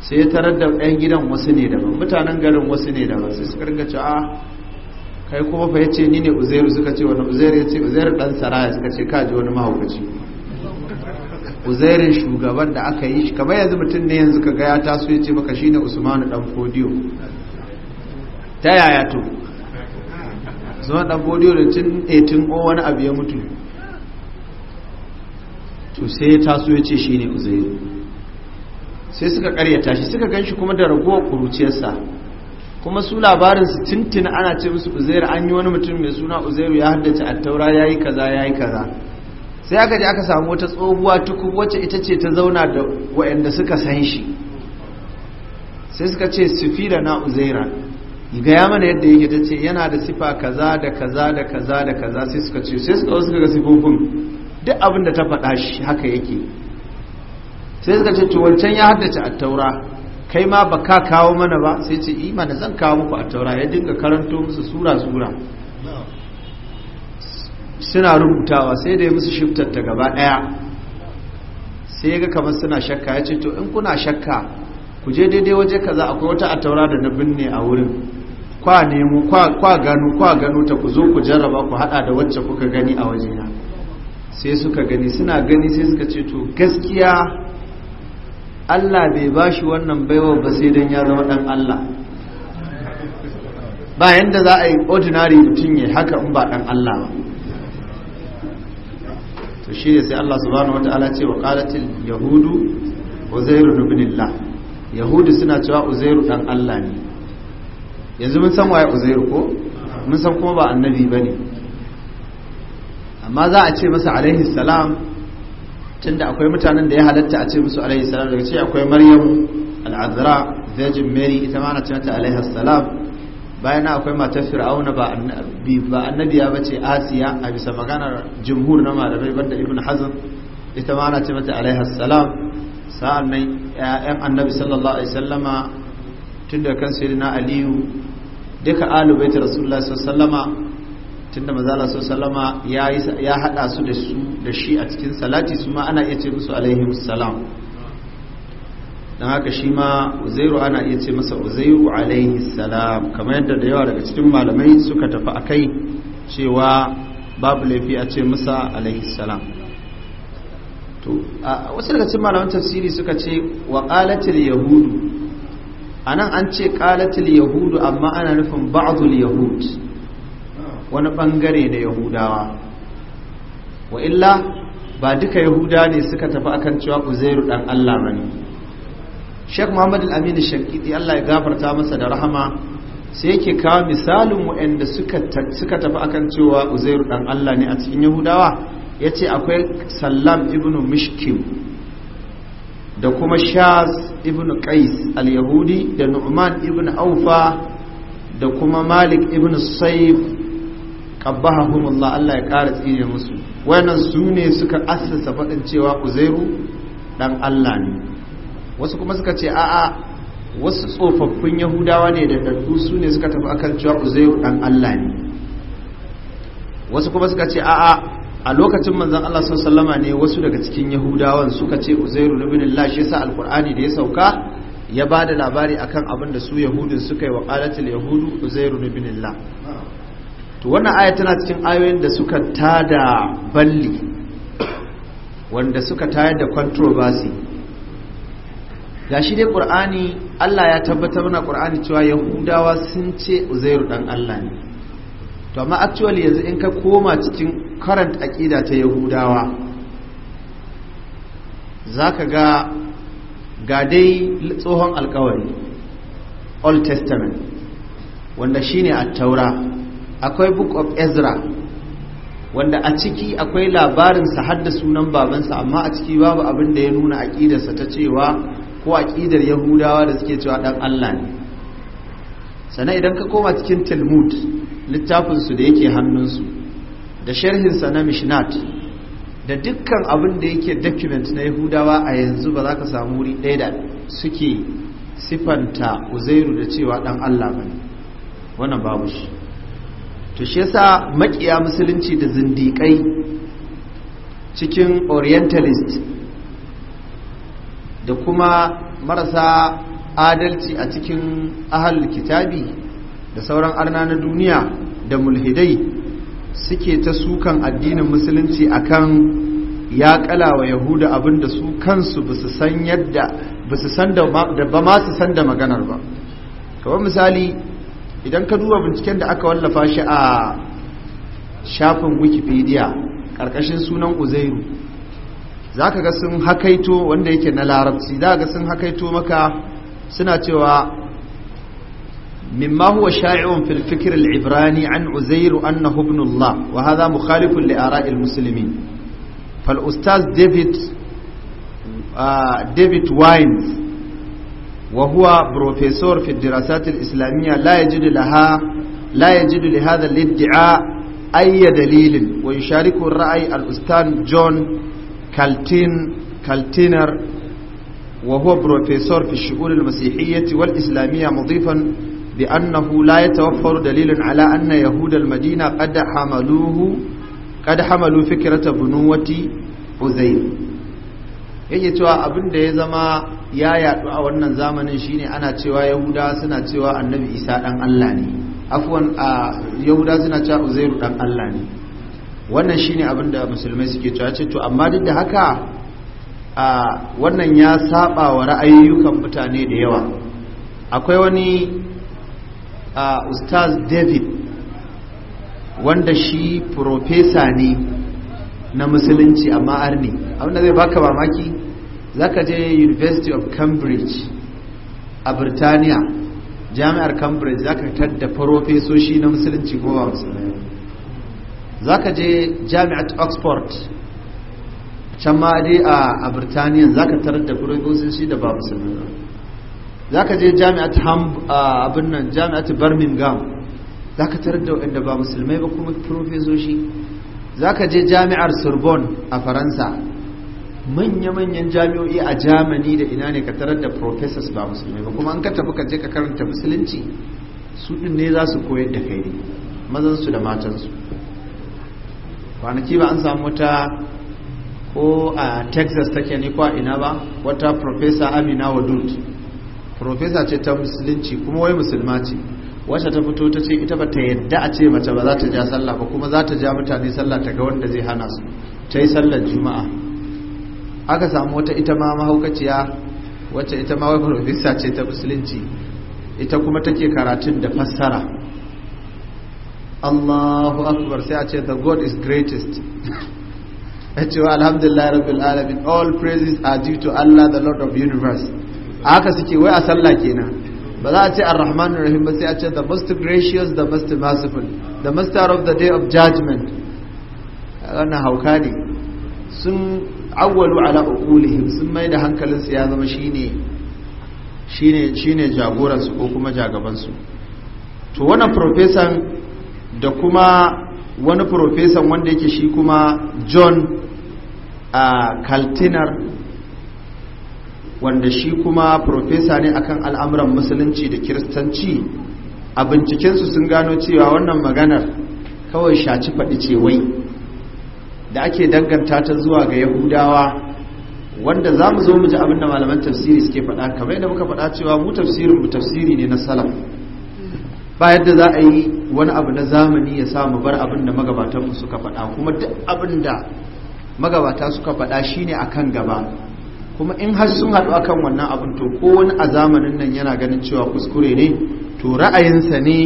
sai ya tarar da ɗan gidan wasu ne daban mutanen garin wasu ne daban sai suka ringa cewa ah, kai kuma fa yace ni ne uzairu suka ce wani uzairu ce uzairu ɗan saraya suka ce kaji wani mahaukaci uzairin shugaban da aka yi shi kamar yanzu mutum ne yanzu ka gaya ta so ce maka shi ne usmanu ɗan fodiyo ta yaya to usmanu ɗan fodiyo da tun 18 o wani abu ya mutu to sai ta so ya ce shi ne uzairu sai suka karyata shi suka ganshi kuma da ragowar kuruciyarsa kuma su labarinsu tintina ana ce musu uzairu an yi wani mutum mai suna uzairu ya haddace a taura ya yi kaza ya yi kaza sai aka je aka samu wata tsohuwa tuku wacce ita ce ta zauna da waɗanda suka san shi sai suka ce sufi da na uzaira gaya mana yadda yake ta ce yana da sifa kaza da kaza da kaza da kaza sai suka ce sai suka wasu ga sifofin duk abin da ta faɗa shi haka yake sai suka ce to wancan ya haddace a taura kai ma ba ka kawo mana ba sai ce imana eh, zan kawo muku a taura ya dinga karanto musu sura-sura suna rubutawa sai da ya musu ta gaba ɗaya sai ya ga kamar suna shakka ya ce to in kuna shakka ku je daidai waje kaza akwai wata a taura da na binne a wurin kwa nemo kwa gano kwa gano ta ku zo ku jarraba ku hada da wacce kuka gani a wajena sai suka gani suna gani sai suka ce to gaskiya Allah bai ba shi wannan baiwa ba sai don ya zama ɗan Allah ba yadda za a yi ordinary mutum ya haka in ba ɗan Allah ba to shi ne sai Allah subhanahu wa ta'ala ce wa qalatil yahudu uzairu ibnillah yahudu suna cewa uzairu ɗan Allah ne yanzu mun san waye uzairu ko mun san kuma ba annabi bane amma za a ce masa alaihi salam tunda akwai mutanen da ya halatta a ce musu alaihi salam daga ce akwai maryam al'adara virgin mary ita ma na ce mata alaihi salam bayan na akwai matar fir'auna ba annabiya ba ce asiya a bisa maganar jimhur na malamai banda ibn hazm ita ma na ce mata alaihi salam sa'an nan ya'yan annabi sallallahu alaihi sallama tun da kan na aliyu duka alubaitar rasulullah sallallahu alaihi sallama tunda manzala so sallama ya ya hada su da su da shi a cikin salati su ma ana iya ce musu alaihi salam dan haka shi ma uzairu ana iya ce masa uzairu alaihi salam kamar yadda da yawa daga cikin malamai suka tafi akai cewa babu laifi a ce masa alaihi salam to wasu daga cikin malaman tafsiri suka ce wa qalatil yahudu anan an ce qalatil yahudu amma ana nufin ba'dul yahud wani bangare na yahudawa wa illa ba duka yahuda ne suka tafi akan cewa uzairu dan Allah bane Sheikh Muhammad Al-Amin Shankiti Allah ya gafarta masa da rahama sai yake kawo misalin waɗanda suka tafi akan cewa uzairu dan Allah ne a cikin yahudawa ya ce akwai sallam ibn mishkim da kuma shaz ibn qais al-yahudi da nu'man ibn Awfa da kuma malik ibn Sayf qabbahahumullah Allah ya ƙara tsire musu wayannan su ne suka assasa fadin cewa uzairu dan Allah ne wasu kuma suka ce a'a wasu tsofaffin yahudawa ne da dadu su ne suka tafi akan cewa uzairu dan Allah ne wasu kuma suka ce a'a a lokacin manzon Allah sallallahu ne wasu daga cikin yahudawan suka ce uzairu Allah shi yasa alqur'ani da ya sauka ya ba da labari akan abin da su yahudin suka yi wa qalatul yahudu uzairu Allah to wannan aya tana cikin ayoyin da suka tada balli wanda suka tayar da controversy ga shi dai ƙur'ani allah ya tabbatar mana ƙur'ani cewa yahudawa sun ce uzairu ɗan allah ne to amma actually yanzu in ka koma cikin current aƙida ta yahudawa za ka ga ga dai tsohon alkawari old testament wanda shine a taura akwai book of ezra wanda a ciki akwai labarinsa har da sunan babansa amma a ciki babu abin da ya nuna aƙidarsa ta cewa ko aƙidar yahudawa da suke cewa ɗan allah ne sannan idan ka koma cikin talmud littafinsu da yake hannunsu da sharhinsa na mishnat da dukkan abin da yake document na yahudawa a yanzu ba za ka samu wuri ɗaya da suke sifanta uzairu da cewa ɗan allah ba ne wannan babu shi to shi yasa makiya musulunci da zindiƙai cikin orientalist da kuma marasa adalci a cikin ahal kitabi da sauran arna na duniya da mulhidai suke ta sukan addinin musulunci akan ya wa yahuda abinda su kansu basu san san da ba ma su san da maganar ba kamar misali idan ka duba binciken da aka wallafa shi a shafin wikipedia ƙarƙashin sunan uzairu za ka ga sun hakaito wanda yake na larabci za ga sun hakaito maka suna cewa mimma huwa sha'i'un fil fikr ibrani an uzairu annahu ibn Allah wa hadha mukhalifun li ara'i al fal ustaz david uh, david wines وهو بروفيسور في الدراسات الإسلامية لا يجد لها لا يجد لهذا الادعاء أي دليل ويشارك الرأي الأستاذ جون كالتين كالتينر وهو بروفيسور في الشؤون المسيحية والإسلامية مضيفا بأنه لا يتوفر دليل على أن يهود المدينة قد حملوه قد حملوا فكرة بنوة عزير yake cewa abin da ya zama ya yadu a wannan zamanin shine ana cewa yahuda suna cewa annabi isa dan allah ne afwan a yahuda suna cewa uzairu dan allah ne wannan shine abin da musulmai suke cewa ce to amma duk da haka a wannan ya saba wa ra'ayoyukan mutane da yawa akwai wani a ustaz david wanda shi profesa ne na musulunci amma arni abinda zai baka mamaki za ka je university of cambridge a birtaniya jami'ar cambridge za zaka tadda farofesoshi na musulunci ko ba musulmai ka je jami'at oxford can ma dai a birtaniya ka tarar da farofesoshi da ba musulmai ba ka je jami'at a nan jami'at birmingham za ka tarar da wanda ba musulmai ba kuma farofesoshi za ka je jami'ar sorbonne a faransa manya-manyan jami'o'i a germany da ina ne ka tarar da professors ba musulmi ba kuma an ka tafi ka je ka karanta musulunci su din ne za su koyar da kai su da matansu kwanaki ba an samu wata ko a texas take ne ko a ina ba wata professor amina wadud professor ce ta musulunci kuma wai musulma ce wacce ta fito ta ce ita ba ta yadda a ce mace ba za ta ja sallah ba kuma za ta ja mutane sallah ta ga wanda zai hana su ta yi sallar juma'a aka samu wata ita ma mahaukaciya wacce ita ma wai profesa ce ta musulunci ita kuma take karatun da fassara Allahu akbar sai a ce the god is greatest ya ce wa alhamdulillah rabbil alamin all praises are due to Allah the lord of universe aka suke wai a sallah kenan ba za a ce ar-rahman rahim ba sai a ce the most gracious the most merciful the master of the day of judgment wannan hauka ne sun awwalu ala uqulihim sun mai da hankalin su ya zama shine shine shine jagoransu ko kuma jagabansu to wannan professor da kuma wani professor wanda yake shi kuma john a uh, kaltinar wanda shi kuma profesa ne akan al'amuran musulunci da kiristanci a bincikensu sun gano cewa wannan maganar kawai shaci faɗi ce wai da ake danganta ta zuwa ga yahudawa wanda za mu zo mu ji abinda malaman tafsiri suke faɗa kamar yadda muka faɗa cewa mu tafsirin mu tafsiri ne na salaf ba yadda za a yi wani abu na zamani ya sa mu bar abin da magabatanmu suka faɗa kuma duk abin da magabata suka faɗa shine akan gaba kuma in har sun haɗu akan wannan abin to ko wani a zamanin nan yana ganin cewa kuskure ne to ra'ayinsa ne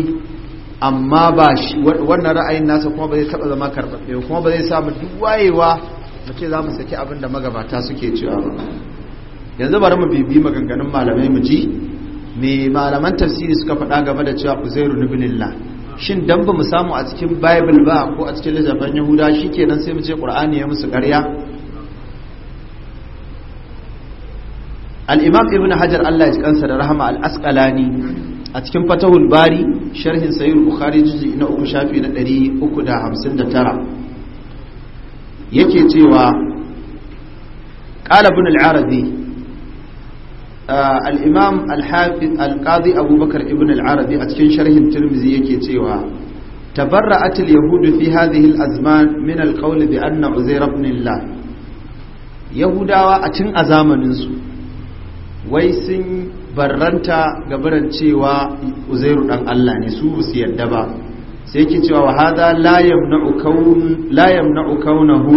amma ba shi wannan ra'ayin nasa kuma ba zai taɓa zama karɓaɓɓe kuma ba zai samu duk wayewa mu ce za mu saki abin da magabata suke cewa ba yanzu bari mu bibi maganganun malamai mu ji me malaman tafsiri suka faɗa game da cewa uzairu ibnillah shin dan ba mu samu a cikin bible ba ko a cikin littafin yahuda shikenan sai mu ce qur'ani ya musu ƙarya al ibn hajar Allah ya kansa da rahama al-asqalani a cikin fatahul bari sharhin sahih bukhari juz'i na uku shafi na 359 yake cewa qala ibn al-arabi al-imam al-hafiz al-qadi abubakar ibn al-arabi a cikin sharhin tirmidhi yake cewa تبرأت اليهود في هذه الأزمان من القول بأن عزير ابن الله يهودا أتن أزامن سوء wai sun barranta gabaran cewa uzairu dan Allah ne su su yadda ba sai yake cewa wa hadha la yamna'u kaun la yamna'u kaunahu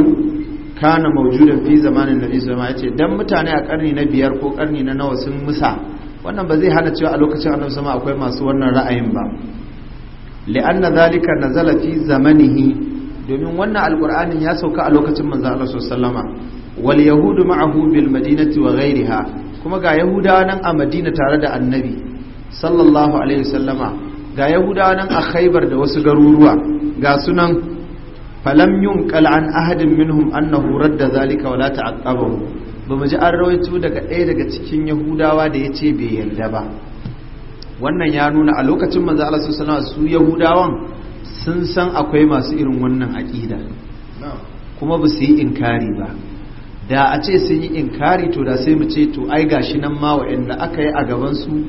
kana mawjudan fi zamanin nabi sallallahu alaihi wasallam dan mutane a karni na biyar ko karni na nawa sun musa wannan ba zai hana cewa a lokacin annabi sama akwai masu wannan ra'ayin ba li'anna zalika nazala fi zamanihi domin wannan alqur'anin ya sauka a lokacin manzo Allah sallallahu alaihi wasallama wal yahudu ma'ahu bil madinati wa ghayriha kuma ga yahudawa nan a madina tare da annabi sallallahu alaihi wasallama ga yahudawa nan a khaibar da wasu garuruwa ga sunan falam qal an ahadin minhum annahu radda zalika wala ba bamu ji an rawaito daga ɗaya daga cikin yahudawa da yace bai yarda ba wannan ya nuna a lokacin manzo Allah sallallahu alaihi su yahudawan sun san akwai masu irin wannan aqida kuma ba su yi inkari ba da a ce sun yi inkari to da sai mu ce to ai gashi nan ma wa'anda aka yi a gabansu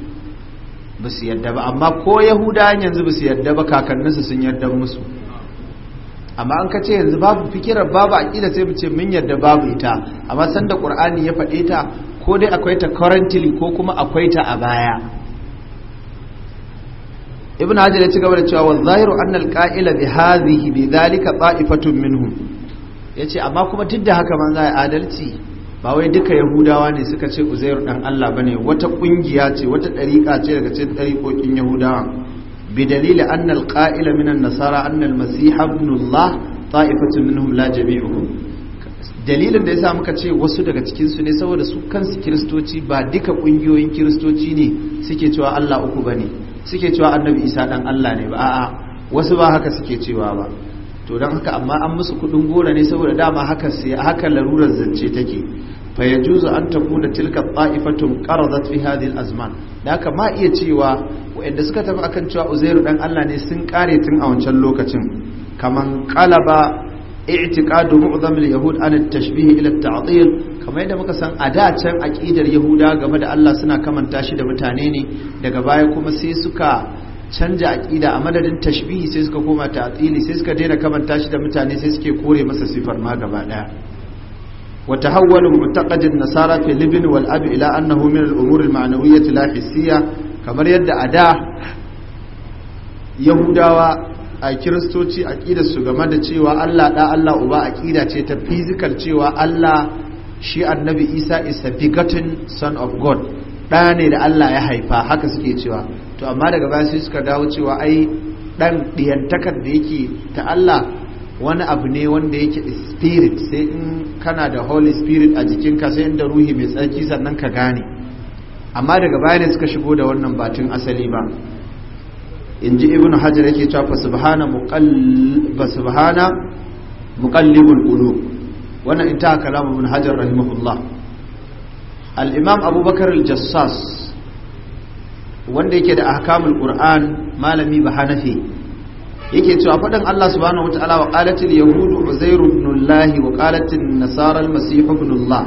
ba su yadda ba amma ko yahuda yanzu ba su yadda ba kakanninsu sun yadda musu amma an ka ce yanzu babu fikirar babu aƙida sai mu ce mun yadda babu ita amma da ƙur'ani ya faɗe ta ko dai akwai ta currently ko kuma akwai ta a baya ibn hajar ya ci gaba da cewa wa zahiru annal qa'ila bi hadhihi bi dhalika ta'ifatun minhum ya ce amma kuma duk da haka man za a adalci ba wai duka yahudawa ne suka ce uzairu dan allah ba ne wata ƙungiya ce wata ɗariƙa ce daga cikin ɗariƙoƙin yahudawa bi dalili annal ƙa'ila minan nasara annal masiha ibnullah ta'ifatun minhum la jami'uhum dalilin da yasa muka ce wasu daga cikin ne saboda su kansu kiristoci ba duka ƙungiyoyin kiristoci ne suke cewa allah uku bane suke cewa annabi isa dan allah ne ba a'a wasu ba haka suke cewa ba to don haka amma an musu kudin gora ne saboda dama haka sai haka larurar zance take fa yajuzu an takuna tilka ta'ifatun qaradat fi hadhihi al-azman da haka ma iya cewa wanda suka tafi akan cewa Uzairu dan Allah ne sun kare tun a wancan lokacin kaman qalaba i'tiqadu mu'zam yahud an at-tashbih ila at-ta'til kamar yadda muka san a da can aqidar yahuda game da Allah suna kamanta shi da mutane ne daga baya kuma sai suka canja aqida a madadin tashbihi sai suka koma ta'tili sai suka daina kamanta shi da mutane sai suke kore masa sifar ma gaba daya wata tahawwalu mu'taqadin nasara fi libin wal ab ila annahu min al umur al ma'nawiyyah la kamar yadda ada yahudawa a kiristoci aqidar su game da cewa Allah da Allah uba aqida ce ta physical cewa Allah shi annabi Isa is a begotten son of God ɗa ne da Allah ya haifa haka suke cewa to amma daga baya sai suka dawo cewa ai ɗan ɗiyantakar da yake ta Allah wani abu ne wanda yake spirit sai in kana da holy spirit a jikinka sai inda ruhi mai tsarki sannan ka gane amma daga baya ne suka shigo da wannan batun asali ba in ji ibn hajar yake cewa fa subhana muqallibul qulub wannan in ta ibn hajar rahimahullah al-imam abubakar al-jassas wanda yake da ahkamul qur'an malami ba hanafi yake cewa faɗin Allah subhanahu wataala wa qalatil yahudu uzair ibn Allah wa qalatin nasara al-masih ƙila Allah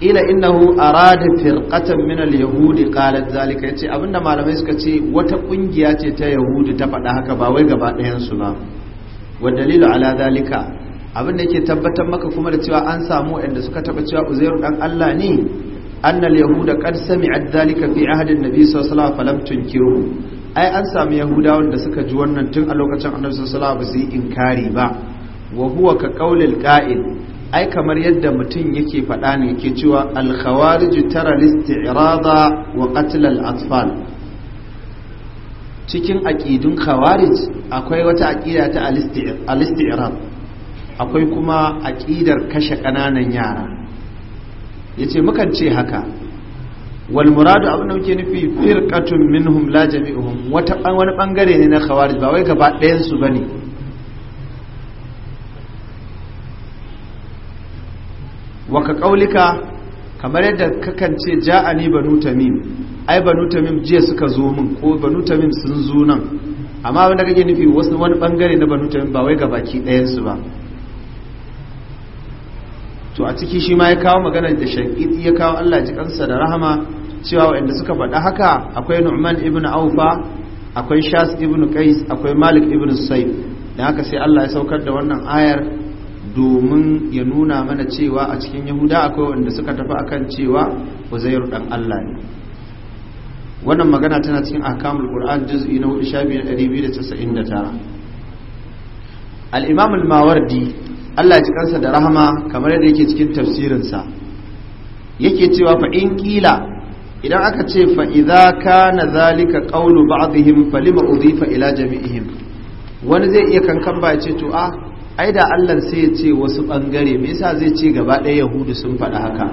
qila innahu arada firqatan min al-yahudi qalat zalika yace abinda malamai suka ce wata ƙungiya ce ta yahudi ta faɗa haka ba wai gaba ɗayan su ba wa dalilu ala zalika abin da yake tabbatar maka kuma da cewa an samu inda suka taba cewa uzairu dan Allah ne annal yahuda qad sami'a dhalika fi ahdi an-nabi sallallahu alaihi wasallam falam tunkiru ai an samu yahudawan da suka ji wannan tun a lokacin annabi sallallahu alaihi wasallam ba su inkari ba wa huwa ka qaulil qa'il ai kamar yadda mutum yake faɗa ne yake cewa al-khawarij tara al-isti'rada wa qatl al-atfal cikin aqidun khawarij akwai wata aqida ta al akwai kuma aƙidar kashe ƙananan yara yace ce mukan ce haka wal muradu abin da muke nufi firqatun minhum la jami'uhum wata wani bangare ne na khawarij ba wai gaba ɗayan su bane wa ka kaulika kamar yadda kakan ce ja'ani banu tamim ai banu tamim jiya suka zo min ko banu tamim sun zo nan amma wanda kake nufi wasu wani bangare na banu tamim ba wai ki ɗayan su ba to a ciki shi ma ya kawo maganar da shaƙiƙi ya kawo Allah ji kansa da rahama cewa waɗanda suka faɗa haka akwai Nu'man ibn Aufa akwai Shas ibn Qais akwai Malik ibn sai da haka sai Allah ya saukar da wannan ayar domin ya nuna mana cewa a cikin Yahuda akwai waɗanda suka tafi akan cewa Uzairu dan Allah ne wannan magana tana cikin ahkamul Qur'an juz'i na 4 shafi 299 al-Imam al-Mawardi Allah ji kansa da rahama kamar yadda yake cikin tafsirinsa yake cewa fa in kila idan aka ce fa idza kana zalika qawlu ba'dihim falima udhifa ila jami'ihim wani zai iya kankan ba ce to a ah, ai da Allah sai ya ce wasu bangare me yasa zai ce gaba ɗaya yahudu sun faɗa haka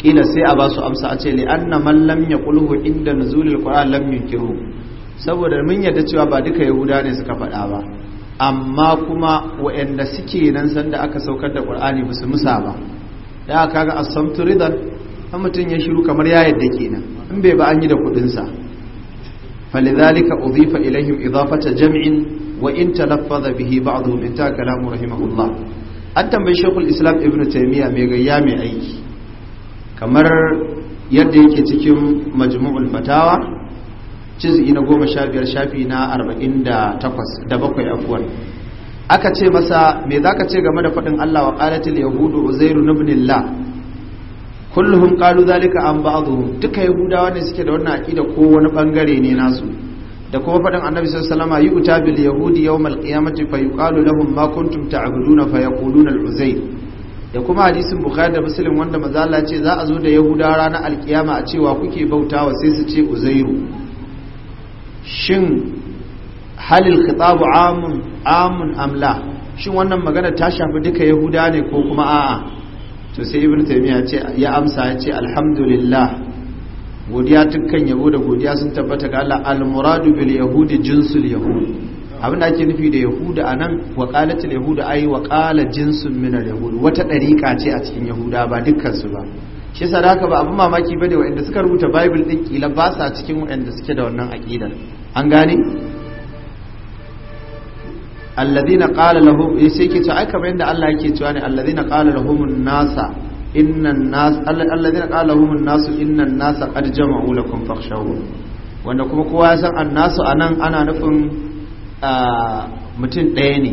kila sai a ba su amsa a ce li anna man lam yaqulhu inda nuzulil qur'an lam yunkiru saboda mun yarda cewa ba duka yahuda ne suka faɗa ba amma kuma waɗanda suke nan sanda aka saukar da ƙur'ani ba su musa ba da aka ga asamtu ridan an mutum ya shiru kamar ya yadda nan in bai ba an yi da kuɗinsa falizalika uzifa ilaihim idafata jam'in wa in talaffaza bihi ba'dhum inta kalamu rahimahullah an tambayi shekul islam ibnu taymiya mai gayya mai aiki kamar yadda yake cikin majmu'ul fatawa cizgi na goma sha biyar shafi na arba'in da takwas da bakwai afuwar aka ce masa me za ka ce game da faɗin Allah wa ƙalatil yahudu uzairu nubnillah Kullum ƙalu zalika an ba'dhum duka yahudawa ne suke da wannan aƙida ko wani ɓangare ne nasu da kuma faɗin annabi sallallahu yi yi uta bil yahudi yawmal qiyamati fa yuqalu lahum ma kuntum ta'buduna fa yaquluna al uzair da kuma hadisin bukhari da muslim wanda mazala ce za a zo da yahudawa ranar alkiyama a cewa kuke bautawa sai su ce uzairu shin halin khitabu amun amun amla shin wannan magana ta shafi duka yahuda ne ko kuma a'a to sai ibnu taymiya ce ya amsa ya ce alhamdulillah godiya dukkan yabo da godiya sun tabbata ga Allah al muradu bil yahudi jinsul yahud abinda ake nufi da yahuda anan wa al yahuda ay wa qala jinsun min al yahud wata dariqa ce a cikin yahuda ba dukkan su ba shi sadaka ba abin mamaki ba da waɗanda suka rubuta bible din kila ba sa cikin waɗanda suke da wannan aqidar an gane alladhina qala lahum eh, sai yake cewa ai kamar yadda Allah yake cewa ne alladhina qala lahum nasa inna nas alladhina qala lahum an-nas inna an-nasa qad jama'u lakum fakhshawu wanda kuma kowa ya san annasu anan ana nufin ah, mutum ɗaya ne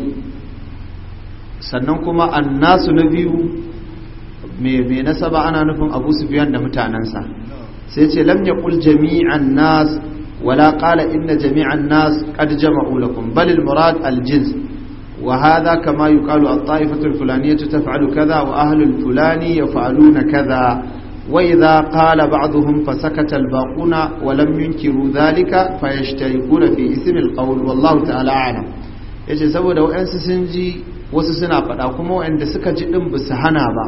sannan kuma annasu na biyu mai nasaba ana nufin abu sufiyan da mutanensa sai ce lam yaqul jami'an nas wala qala inna jami'an nas qad jama'u lakum bal al murad al jins wa hadha kama yuqalu al ta'ifatu al fulaniyatu taf'alu kadha wa ahlu al fulani yaf'aluna kadha wa idha qala ba'dhum fa sakata al baquna wa lam yunkiru dhalika fayashtarikuna fi ismi al qawl wallahu ta'ala a'lam yace saboda wa'ansu sun ji wasu suna faɗa kuma wa'anda suka ji din ba su hana ba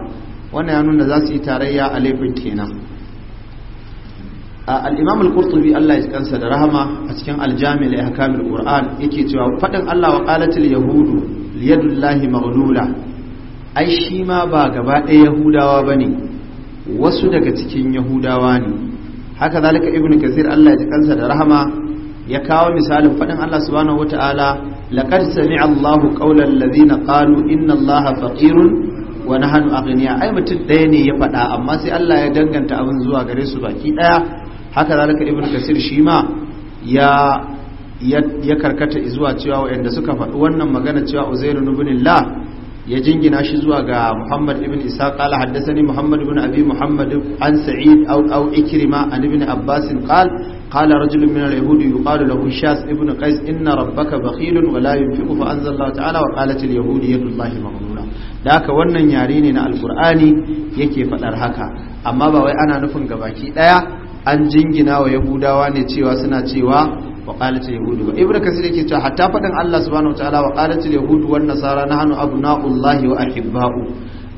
wannan ya nuna za su yi tarayya a laifin kenan al al-qurtubi Allah ya kansa da rahama a cikin al-jami' li qur'an yake cewa fadin Allah wa qalatil yahudu liyadullahi maghlula ai shi ma ba gaba ɗaya yahudawa bane wasu daga cikin yahudawa ne haka zalika ibnu kasir Allah ya kansa da rahama ya kawo misalin fadin Allah subhanahu wataala laqad sami'a Allah qawla alladhina qalu inna Allaha faqirun wa nahnu aghniya ai mutum ɗaya ne ya faɗa amma sai Allah ya danganta abin zuwa gare su baki ɗaya haka zalika ibn kasir shi ma ya ya karkata zuwa cewa waɗanda suka faɗi wannan magana cewa uzairu ibn ya jingina shi zuwa ga Muhammad ibn Isa qala haddathani Muhammad ibn Abi Muhammad an Sa'id aw aw Ikrima an ibn Abbas qala qala rajulun min al-yahudi yuqalu ibn Qais inna rabbaka bakhilun wa la yunfiqu fa anzala Allah ta'ala wa qalat yahudi yadu da haka wannan yare ne na alkur'ani yake faɗar haka amma ba wai ana nufin gabaki daya an jingina wa yahudawa ne cewa suna cewa wa qalatul yahudu ba ibnu kasir yake cewa hatta faɗin Allah subhanahu wataala wa qalatul yahudu wan nasara na nahnu abna'ullahi wa ahibba'u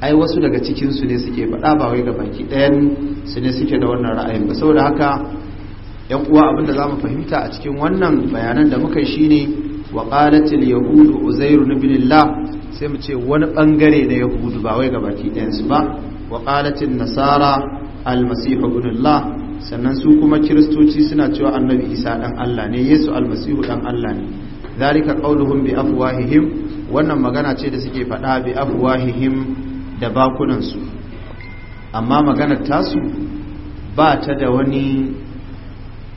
ai wasu daga cikin su ne suke faɗa ba wai gabaki ɗayan su ne suke da wannan ra'ayin ba saboda haka yan uwa abinda zamu fahimta a cikin wannan bayanan da muka yi shine wa al yahudu uzairu ibn allah sai mu ce wani bangare na yahudu ba wai gabaki su ba wa nasara almasihu ibn allah sannan su kuma kiristoci suna cewa annabi isa dan allah ne yesu almasihu dan allah ne zalika qauluhum bi afwahihim wannan magana ce da suke faɗa bi afwahihim da bakunan su amma maganar tasu ba ta da wani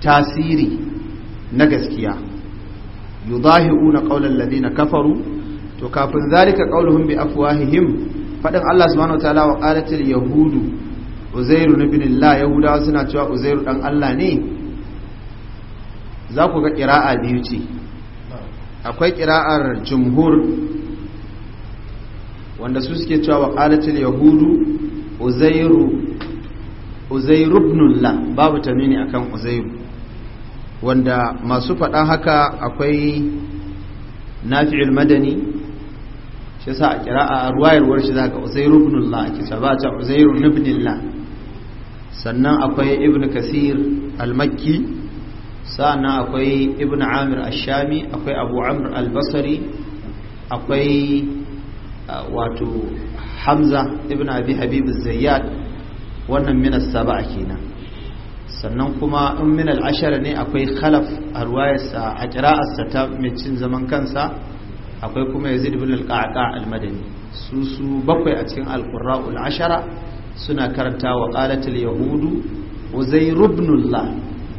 tasiri na gaskiya yudahi'una qaulal ladina kafaru to kafin zalika qauluhum bi afwahihim fadin Allah subhanahu wataala wa qalatil yahudu uzairu ibn Allah yahudawa suna cewa uzairu dan Allah ne za ku ga qira'a biyu ce akwai qira'ar jumhur wanda su suke cewa wa qalatil yahudu uzairu uzairu ibn Allah babu tamini akan uzairu wanda masu faɗan haka akwai nafi'ul madani shi sa a kira a ruwayarwar shi za ka uzairu ibnullah ake sabata uzairu ibnullah sannan akwai ibn kasir al-makki sannan akwai ibn amir ashami akwai abu amir al basri akwai wato hamza ibn abi habib zayyad wannan minas saba'a kenan sannan kuma in min al'ashara ne akwai khalaf a ruwayarsa a ƙira'arsa ta mai cin zaman kansa akwai kuma ya bin al-qaqa al-madani su su bakwai a cikin al suna karanta wa ƙalatul yahudu uzair ibn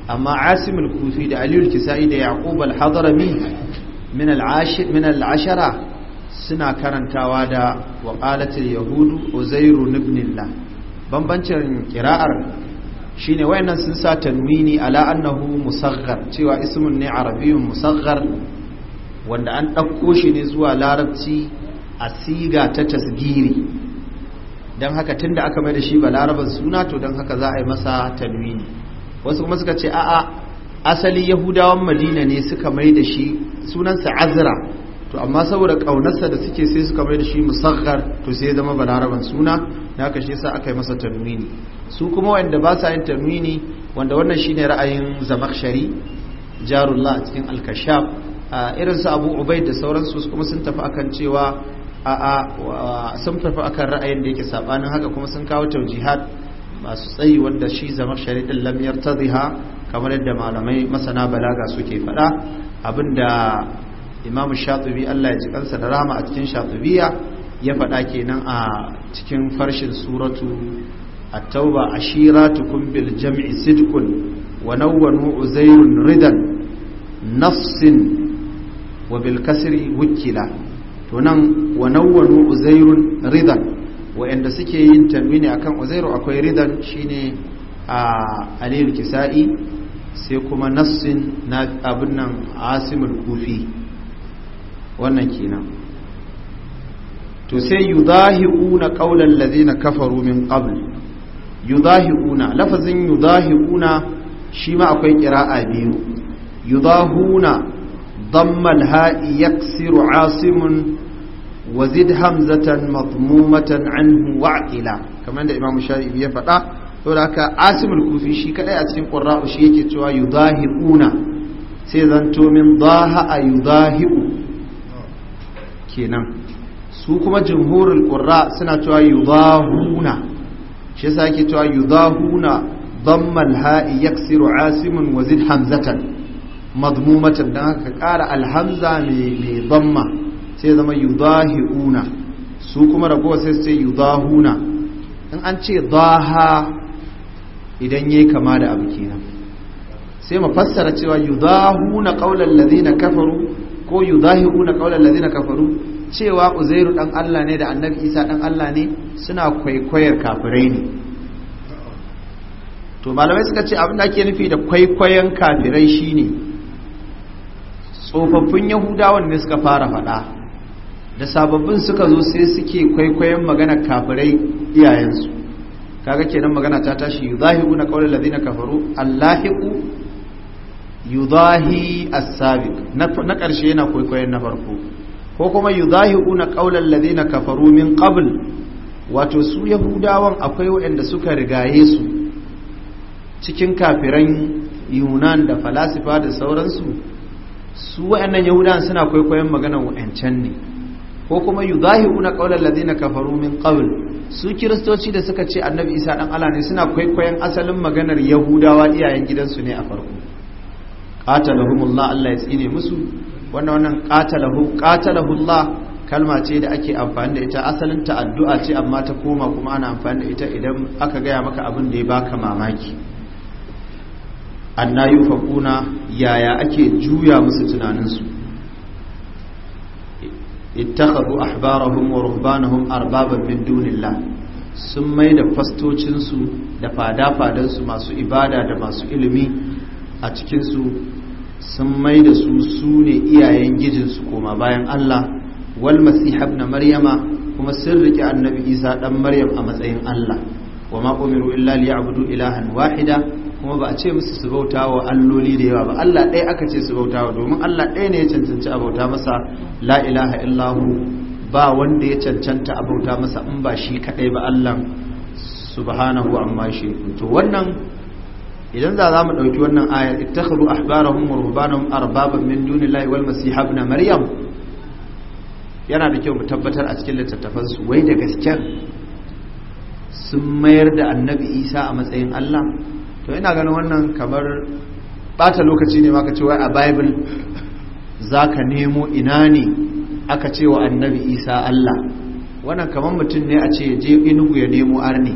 amma asimul kufi da ali kisai da yaqub al min al'ashara suna karantawa da wa ƙalatul yahudu uzair ibn allah bambancin ƙira'ar shine wayannan sun sa tanwini ala annahu musaghar cewa ismun ne arabiyyun musaghar wanda an ɗauko shi ne zuwa larabci a siga ta tasgiri don haka tunda aka mai da shi ba larabar suna to don haka za a yi masa tanwini wasu kuma suka ce a'a asali yahudawan madina ne suka mai da shi sunansa azra to amma saboda kaunarsa da suke sai suka mai da shi musaghar to sai zama balaraban suna na haka shi yasa aka yi masa tanwini su kuma wanda ba sa yin tanwini wanda wannan shine ra'ayin zamakhshari jarullah cikin al-kashaf irin su abu ubaid da sauransu kuma sun tafi akan cewa a'a sun tafi akan ra'ayin da yake sabanin haka kuma sun kawo tawjihat masu tsayi wanda shi zamakhshari din lam yartadhiha kamar yadda malamai masana balaga suke faɗa abinda imam shatubi Allah ya ji kansa da rahama a cikin shatubiya ya faɗa kenan a cikin farshin suratu a tauba a ashiratukum bil jam'i sidqun wa nawwanu uzairun ridan nafsin wa bil wukila to nan wa nawwanu uzairun ridan wa'anda suke yin tanwini akan uzairu akwai ridan shine a aliyu kisa'i sai kuma nassin na abin nan asimul kufi wannan kenan to na yudahiquna qawlan ladina kafaru min qabl yudahiuna lafazin yudahiuna shi ma akwai ƙira'a biyu yudahuna dammal ha'i yaksiru asimun wazid hamzatan madmumatan anhu wa'ila kamar da imamu shari'i ya faɗa saboda haka asimul kufi shi kadai a cikin qurra'u shi yake cewa yudahiuna sai zanto min daha a yudahiu kenan su kuma jumhurul qurra suna cewa yudahuna shi yasa yake cewa yudahuna dhammal ha'i yaksiru asimun wa zid hamzatan madmumatan dan haka kara alhamza mai dhamma sai zama yudahiuna su kuma ragowa sai sai yudahuna in an ce daha idan yayi kama da abu kenan sai mu fassara cewa yudahuna qaulal ladina kafaru ko yudahiuna qaulal ladina kafaru cewa uzairu dan Allah ne da annabi isa dan Allah ne suna kwaikwayar kafirai ne to malamai suka ce abin da ake nufi da kwaikwayon kafirai shine tsofaffin yahudawan ne suka fara fada. da sababbin suka zo sai suke kwaikwayon magana kafirai iyayensu kaga kenan magana ta tashi yuzahibu na qawla alladhina kafaru allahiku yuzahi as na karshe yana kwaikwayon na farko ko kuma yuzahiquna qaulal ladina kafaru min ƙabul wato su yahudawan akwai waɗanda suka rigaye su cikin kafiran yunan da falasifa da sauransu su waɗannan yahudawan suna kwaikwayon maganar waɗancan ne ko kuma yuzahiquna qaulal ladina kafaru min ƙabul su kiristoci da suka ce annabi isa ɗan ala ne suna kwaikwayon asalin maganar yahudawa iyayen gidansu ne a farko qatalahumullah Allah ya tsine musu wannan wannan qatalahu qatalahu Allah kalma ce da ake amfani da ita asalin ta addu'a ce amma ta koma kuma ana amfani da ita idan aka gaya maka abin da ya baka mamaki anna yufakuna yaya ake juya musu tunaninsu ittakhadhu ahbarahum wa ruhbanahum arbaban min dunillah sun mai da fastocinsu da fada-fadansu masu ibada da masu ilimi a cikinsu sun mai da su su ne iyayen gijinsu koma bayan Allah wal masiha ibn maryama kuma sun rike annabi isa dan maryam a matsayin Allah wa ma umiru illa liya'budu ilahan wahida kuma ba a ce musu su bauta wa alloli da yawa ba Allah ɗaya aka ce su bauta wa domin Allah ɗaya ne ya cancanci a bauta masa la ilaha illahu ba wanda ya cancanta a bauta masa in ba shi kaɗai ba Allah subhanahu amma shi to wannan idan za mu ɗauki wannan ayar ittakhadhu ahbarahum wa ruhbanahum arbaban min dunillahi wal masih ibn maryam yana da kyau mu tabbatar a cikin littattafan su wai da gasken sun mayar da annabi isa a matsayin allah to ina ganin wannan kamar bata lokaci ne maka cewa a bible za ka nemo ina ne aka ce wa annabi isa allah wannan kamar mutum ne a ce je inugu ya nemo arni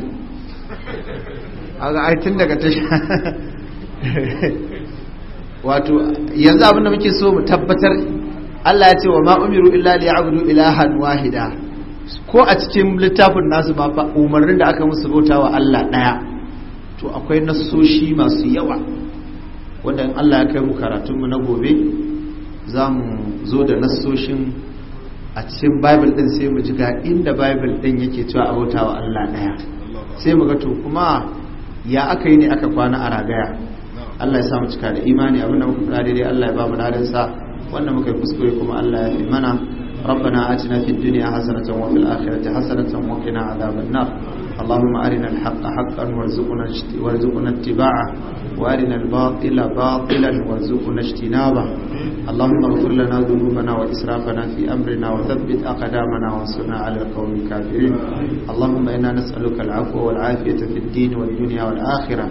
aga ai tun daga tashi wato yanzu abin da muke so mu tabbatar Allah ya ce wa ma umiru illa li ya'budu ilahan wahida ko a cikin littafin nasu ba fa umarnin da aka musu rota wa Allah daya to akwai nasoshi masu yawa wanda in Allah ya kai mu karatun mu na gobe za mu zo da nasoshin a cikin bible din sai mu ji ga inda bible din yake cewa a bauta wa Allah daya sai mu ga to kuma ya aka yi ne aka kwana a ragaya Allah ya samu cika da imani abinda muka fara daidai Allah ya ba mu ladan sa wanda muka yi kuskure kuma Allah ya fi mana ربنا آتنا في الدنيا حسنة وفي الآخرة حسنة وقنا عذاب النار اللهم أرنا الحق حقا وارزقنا وارزقنا اتباعه وأرنا الباطل باطلا وارزقنا اجتنابه اللهم اغفر لنا ذنوبنا وإسرافنا في أمرنا وثبت أقدامنا وانصرنا على القوم الكافرين اللهم إنا نسألك العفو والعافية في الدين والدنيا والآخرة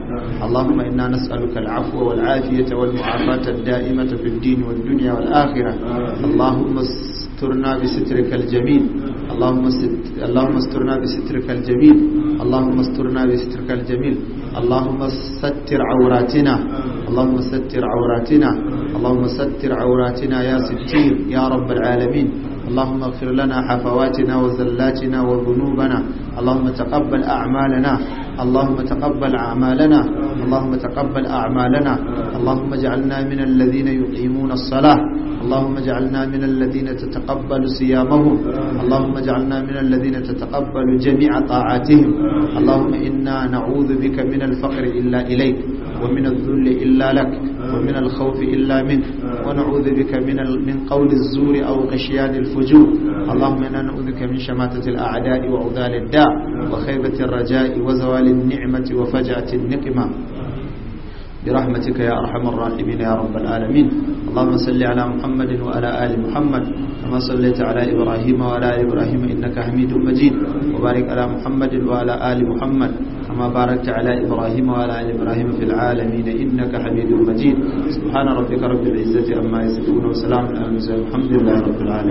اللهم إنا نسألك العفو والعافية والمعافاة الدائمة في الدين والدنيا والآخرة اللهم استرنا بسترك الجميل اللهم اللهم استرنا بسترك الجميل اللهم استرنا بسترك الجميل اللهم ستر عوراتنا اللهم ستر عوراتنا اللهم ستر عوراتنا يا ستير يا رب العالمين اللهم اغفر لنا حفواتنا وزلاتنا وذنوبنا اللهم تقبل أعمالنا اللهم تقبل أعمالنا اللهم تقبل أعمالنا اللهم اجعلنا من الذين يقيمون الصلاة اللهم اجعلنا من الذين تتقبل صيامهم اللهم اجعلنا من الذين تتقبل جميع طاعاتهم اللهم إنا نعوذ بك من الفقر إلا إليك ومن الذل إلا لك ومن الخوف إلا منك ونعوذ بك من من قول الزور أو غشيان الفجور اللهم إنا نعوذ بك من شماتة الأعداء وعذال الداء وخيبة الرجاء وزوال النعمة وفجأة النقمة برحمتك يا أرحم الراحمين يا رب العالمين اللهم صل على محمد وعلى آل محمد كما صليت على إبراهيم وعلى آل إبراهيم إنك حميد مجيد وبارك على محمد وعلى آل محمد كما باركت على إبراهيم وعلى آل إبراهيم في العالمين إنك حميد مجيد سبحان ربك رب العزة عما يصفون وسلام على المرسلين والحمد لله رب العالمين